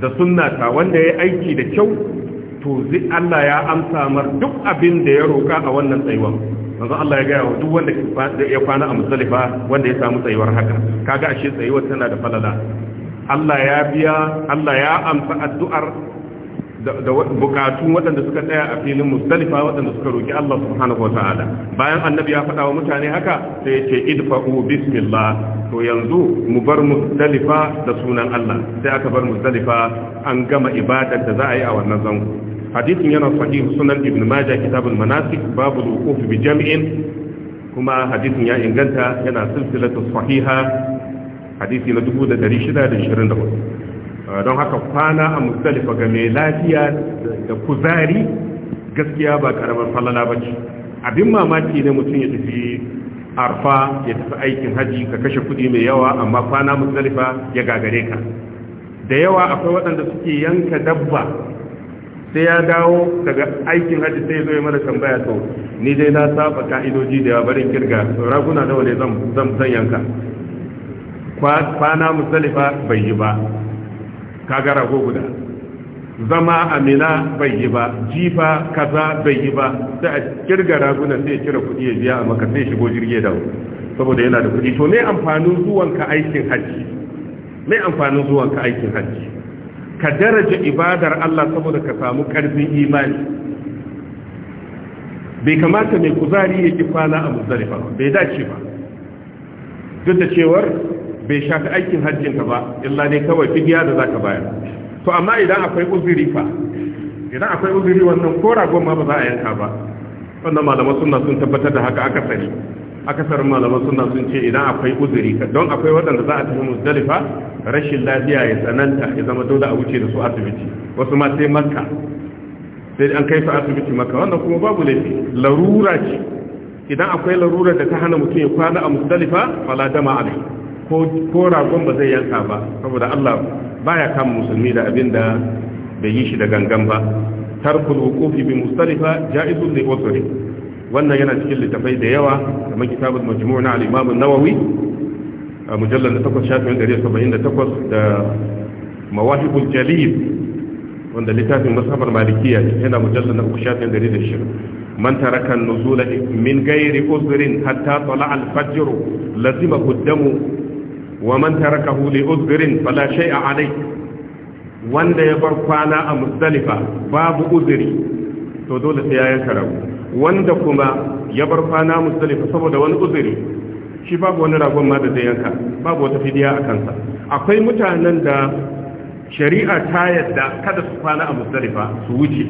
da sunnata wanda ya yi aiki da kyau to zai Allah ya amsa mar duk abin da ya roka a wannan tsayuwar manzo Allah ya gaya wa duk wanda ya kwana a musalifa wanda ya samu tsayuwar haka kaga ashe tsayuwar tana da falala Allah ya biya Allah ya amsa addu'ar da bukatun waɗanda suka tsaya a filin mustalifa waɗanda suka roki Allah subhanahu wataala bayan annabi ya faɗa wa mutane haka sai ce idfa'u bismillah to yanzu mu bar mustalifa da sunan Allah sai aka bar mustalifa an gama ibadar da za a yi a wannan zango hadisin yana sahih sunan ibn majah kitabul manasik babu al-wuquf bi jam'in kuma hadisin ya inganta yana silsilatu sahiha hadisi na 1624 Ah, don haka kwana a musdalifa ga mai lafiya da kuzari gaskiya ba karamar falala ba ce abin mamaki ne mutum ya tafi arfa ya tafi aikin haji ka kashe kudi mai yawa amma kwana musdalifa ya gagare ka da yawa akwai waɗanda suke yanka dabba sai ya dawo daga aikin haji sai zo mana tambaya to ni dai na saba ka'idoji da barin kirga raguna nawa ne zan yanka kwana musdalifa bai yi ba Ka ga rago guda zama amina bai yi ba jifa kaza bai yi ba sai a kirga ragunan sai kira kudi ya biya a maka sai shigo jirgi dawo saboda yana da kudi to me amfanin zuwanka aikin hajji me amfanin zuwanka aikin hajji ka daraja ibadar Allah saboda ka samu karfin imani bai kamata mai kuzari ya ki kwana a muzdalifa bai dace ba duk da cewar bai shafi aikin hajjin ka ba illa ne kawai fidiya da zaka bayar to amma idan akwai uzuri fa idan akwai uzuri wannan ko ragon ma ba za a yanka ba wannan malaman sunna sun tabbatar da haka aka Aka sarin malaman suna sun ce idan akwai uzuri don akwai waɗanda za a tafi musdalifa rashin lafiya ya tsananta ya zama dole a wuce da su asibiti wasu ma sai makka sai an kai su asibiti makka wannan kuma babu laifi larura ce idan akwai larura da ta hana mutum ya kwana a musdalifa fala dama alai ko ragon ba zai yanka ba saboda Allah baya kan musulmi da abin da bai yi shi da gangan ba tarkul wuqufi bi mustalifa jaizun li usri wannan yana cikin littafai da yawa kamar kitabul majmu' na al-imam an-nawawi a mujallal 8 shafin 178 da mawahibul jalil wanda littafin masabar malikiya yana mujallal 3 shafin 120 من ترك النزول من غير عذر حتى طلع الفجر لزمه الدم wa man tarakahu li uzrin fala shay'a alai wanda ya bar kwana a muzdalifa babu uzuri to dole sai ya yanka rago wanda kuma ya bar kwana muzdalifa saboda wani uzuri shi babu wani ragon ma da zai yanka babu wata fidiya a kansa akwai mutanen da shari'a ta yadda kada su kwana a muzdalifa su wuce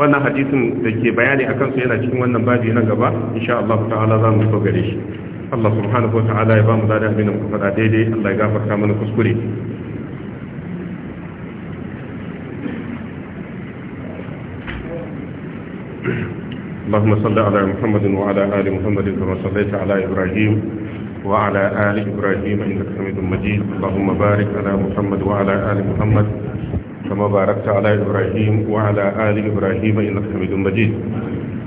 wannan hadisin da ke bayani akan su yana cikin wannan babi nan gaba insha Allah ta'ala za mu so gare shi Allah subhanahu wa ta'ala ya ba mu ladan abin da muka faɗa daidai Allah ya gafarta mana kuskure اللهم صل على محمد وعلى آل محمد كما صليت على إبراهيم وعلى آل إبراهيم إنك حميد مجيد اللهم بارك على محمد وعلى آل محمد كما باركت على إبراهيم وعلى آل إبراهيم إنك حميد مجيد